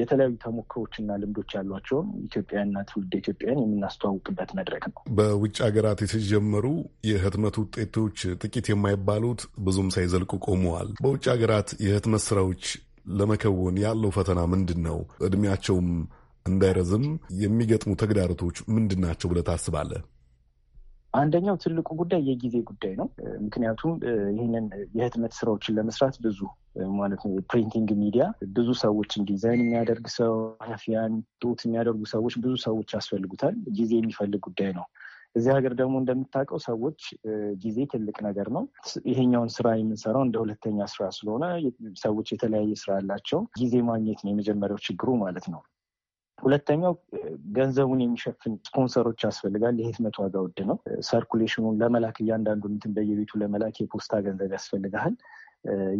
የተለያዩ ተሞክሮችና ልምዶች ያሏቸውን ኢትዮጵያና ትውልድ ኢትዮጵያን የምናስተዋውቅበት መድረክ ነው። በውጭ ሀገራት የተጀመሩ የህትመት ውጤቶች ጥቂት የማይባሉት ብዙም ሳይዘልቁ ቆመዋል። በውጭ ሀገራት የህትመት ስራዎች ለመከወን ያለው ፈተና ምንድን ነው? እድሜያቸውም እንዳይረዝም የሚገጥሙ ተግዳሮቶች ምንድን ናቸው ብለህ ታስባለህ? አንደኛው ትልቁ ጉዳይ የጊዜ ጉዳይ ነው። ምክንያቱም ይህንን የህትመት ስራዎችን ለመስራት ብዙ ማለት ነው የፕሪንቲንግ ሚዲያ ብዙ ሰዎችን ዲዛይን የሚያደርግ ሰው፣ ሀፊያን ጡት የሚያደርጉ ሰዎች ብዙ ሰዎች ያስፈልጉታል። ጊዜ የሚፈልግ ጉዳይ ነው። እዚህ ሀገር ደግሞ እንደምታውቀው ሰዎች ጊዜ ትልቅ ነገር ነው። ይሄኛውን ስራ የምንሰራው እንደ ሁለተኛ ስራ ስለሆነ ሰዎች የተለያየ ስራ አላቸው። ጊዜ ማግኘት ነው የመጀመሪያው ችግሩ ማለት ነው። ሁለተኛው ገንዘቡን የሚሸፍን ስፖንሰሮች ያስፈልጋል። ህትመት ዋጋ ውድ ነው። ሰርኩሌሽኑን ለመላክ እያንዳንዱ እንትን በየቤቱ ለመላክ የፖስታ ገንዘብ ያስፈልግሃል።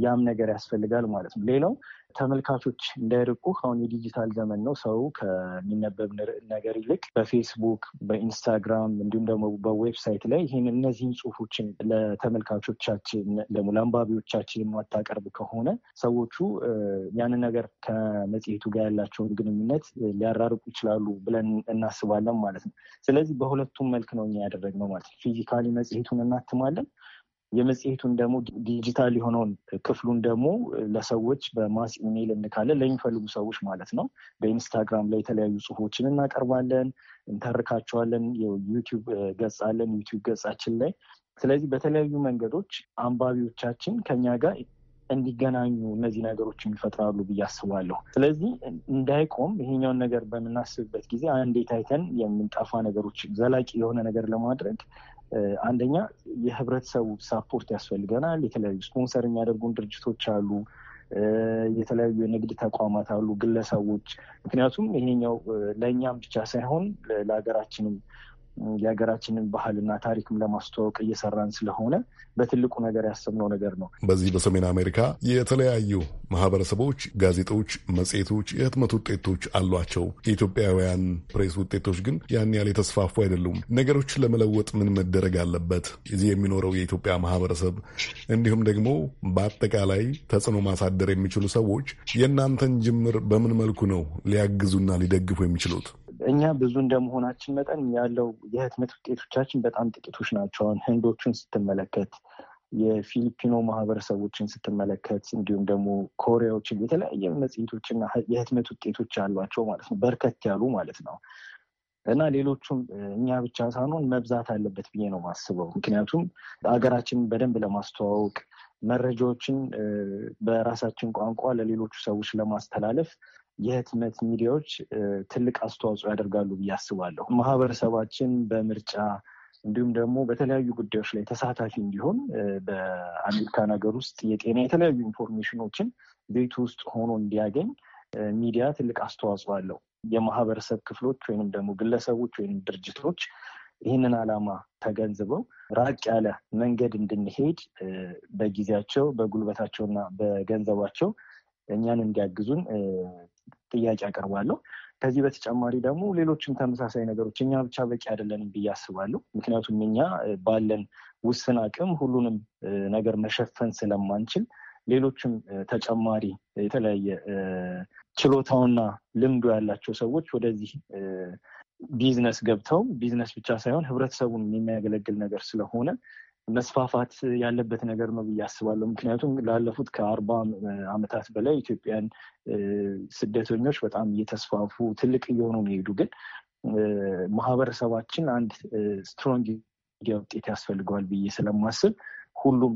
ያም ነገር ያስፈልጋል ማለት ነው። ሌላው ተመልካቾች እንዳይርቁ አሁን የዲጂታል ዘመን ነው። ሰው ከሚነበብ ነገር ይልቅ በፌስቡክ፣ በኢንስታግራም እንዲሁም ደግሞ በዌብሳይት ላይ ይህን እነዚህን ጽሁፎችን ለተመልካቾቻችን ደግሞ ለአንባቢዎቻችን የማታቀርብ ከሆነ ሰዎቹ ያንን ነገር ከመጽሔቱ ጋር ያላቸውን ግንኙነት ሊያራርቁ ይችላሉ ብለን እናስባለን ማለት ነው። ስለዚህ በሁለቱም መልክ ነው እኛ ያደረግነው ማለት ነው። ፊዚካሊ መጽሔቱን እናትማለን የመጽሔቱን ደግሞ ዲጂታል የሆነውን ክፍሉን ደግሞ ለሰዎች በማስ ኢሜይል እንካለን ለሚፈልጉ ሰዎች ማለት ነው። በኢንስታግራም ላይ የተለያዩ ጽሁፎችን እናቀርባለን፣ እንተርካቸዋለን። ዩቲዩብ ገጽ አለን፣ ዩቲዩብ ገጻችን ላይ። ስለዚህ በተለያዩ መንገዶች አንባቢዎቻችን ከኛ ጋር እንዲገናኙ እነዚህ ነገሮች ይፈጥራሉ ብዬ አስባለሁ። ስለዚህ እንዳይቆም ይሄኛውን ነገር በምናስብበት ጊዜ አንዴ ታይተን የምንጠፋ ነገሮች ዘላቂ የሆነ ነገር ለማድረግ አንደኛ የህብረተሰቡ ሳፖርት ያስፈልገናል። የተለያዩ ስፖንሰር የሚያደርጉን ድርጅቶች አሉ፣ የተለያዩ የንግድ ተቋማት አሉ፣ ግለሰቦች። ምክንያቱም ይሄኛው ለእኛም ብቻ ሳይሆን ለሀገራችንም የሀገራችንን ባህልና ታሪክም ለማስተዋወቅ እየሰራን ስለሆነ በትልቁ ነገር ያሰብነው ነገር ነው። በዚህ በሰሜን አሜሪካ የተለያዩ ማህበረሰቦች ጋዜጦች፣ መጽሔቶች፣ የህትመት ውጤቶች አሏቸው። የኢትዮጵያውያን ፕሬስ ውጤቶች ግን ያን ያህል የተስፋፉ አይደሉም። ነገሮችን ለመለወጥ ምን መደረግ አለበት? እዚህ የሚኖረው የኢትዮጵያ ማህበረሰብ እንዲሁም ደግሞ በአጠቃላይ ተጽዕኖ ማሳደር የሚችሉ ሰዎች የእናንተን ጅምር በምን መልኩ ነው ሊያግዙና ሊደግፉ የሚችሉት? እኛ ብዙ እንደመሆናችን መጠን ያለው የህትመት ውጤቶቻችን በጣም ጥቂቶች ናቸው። ህንዶቹን ስትመለከት፣ የፊሊፒኖ ማህበረሰቦችን ስትመለከት፣ እንዲሁም ደግሞ ኮሪያዎችን የተለያየ መጽሄቶችና የህትመት ውጤቶች ያሏቸው ማለት ነው በርከት ያሉ ማለት ነው። እና ሌሎቹም እኛ ብቻ ሳንሆን መብዛት አለበት ብዬ ነው ማስበው። ምክንያቱም ሀገራችንን በደንብ ለማስተዋወቅ መረጃዎችን በራሳችን ቋንቋ ለሌሎቹ ሰዎች ለማስተላለፍ የህትመት ሚዲያዎች ትልቅ አስተዋጽኦ ያደርጋሉ ብዬ አስባለሁ። ማህበረሰባችን በምርጫ እንዲሁም ደግሞ በተለያዩ ጉዳዮች ላይ ተሳታፊ እንዲሆን በአሜሪካን ሀገር ውስጥ የጤና የተለያዩ ኢንፎርሜሽኖችን ቤቱ ውስጥ ሆኖ እንዲያገኝ ሚዲያ ትልቅ አስተዋጽኦ አለው። የማህበረሰብ ክፍሎች ወይንም ደግሞ ግለሰቦች ወይም ድርጅቶች ይህንን ዓላማ ተገንዝበው ራቅ ያለ መንገድ እንድንሄድ በጊዜያቸው በጉልበታቸውና በገንዘባቸው እኛን እንዲያግዙን ጥያቄ አቀርባለሁ። ከዚህ በተጨማሪ ደግሞ ሌሎችም ተመሳሳይ ነገሮች እኛ ብቻ በቂ አይደለንም ብዬ አስባለሁ። ምክንያቱም እኛ ባለን ውስን አቅም ሁሉንም ነገር መሸፈን ስለማንችል ሌሎችም ተጨማሪ የተለያየ ችሎታውና ልምዱ ያላቸው ሰዎች ወደዚህ ቢዝነስ ገብተው ቢዝነስ ብቻ ሳይሆን ህብረተሰቡን የሚያገለግል ነገር ስለሆነ መስፋፋት ያለበት ነገር ነው ብዬ አስባለሁ። ምክንያቱም ላለፉት ከአርባ ዓመታት በላይ ኢትዮጵያን ስደተኞች በጣም እየተስፋፉ ትልቅ እየሆኑ ነው የሄዱ ግን ማህበረሰባችን አንድ ስትሮንግ ውጤት ያስፈልገዋል ብዬ ስለማስብ ሁሉም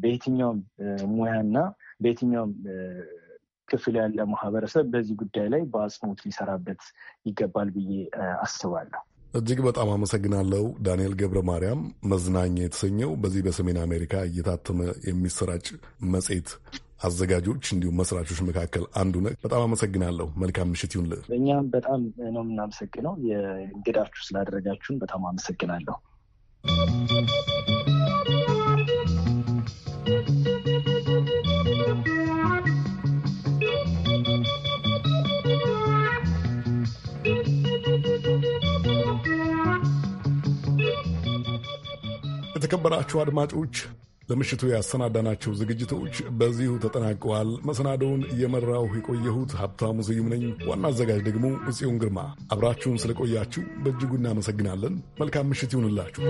በየትኛውም ሙያና በየትኛውም ክፍል ያለ ማህበረሰብ በዚህ ጉዳይ ላይ በአጽንኦት ሊሰራበት ይገባል ብዬ አስባለሁ። እጅግ በጣም አመሰግናለሁ ዳንኤል ገብረ ማርያም። መዝናኛ የተሰኘው በዚህ በሰሜን አሜሪካ እየታተመ የሚሰራጭ መጽሔት አዘጋጆች እንዲሁም መስራቾች መካከል አንዱ ነ በጣም አመሰግናለሁ። መልካም ምሽት ይሁን ልህ እኛም በጣም ነው የምናመሰግነው። የእንግዳችሁ ስላደረጋችሁን በጣም አመሰግናለሁ። የተከበራችሁ አድማጮች ለምሽቱ ያሰናዳናቸው ዝግጅቶች በዚሁ ተጠናቀዋል። መሰናደውን እየመራሁ የቆየሁት ሀብታሙ ስዩም ነኝ። ዋና አዘጋጅ ደግሞ ጽዮን ግርማ። አብራችሁን ስለቆያችሁ በእጅጉ እናመሰግናለን። መልካም ምሽት ይሁንላችሁ።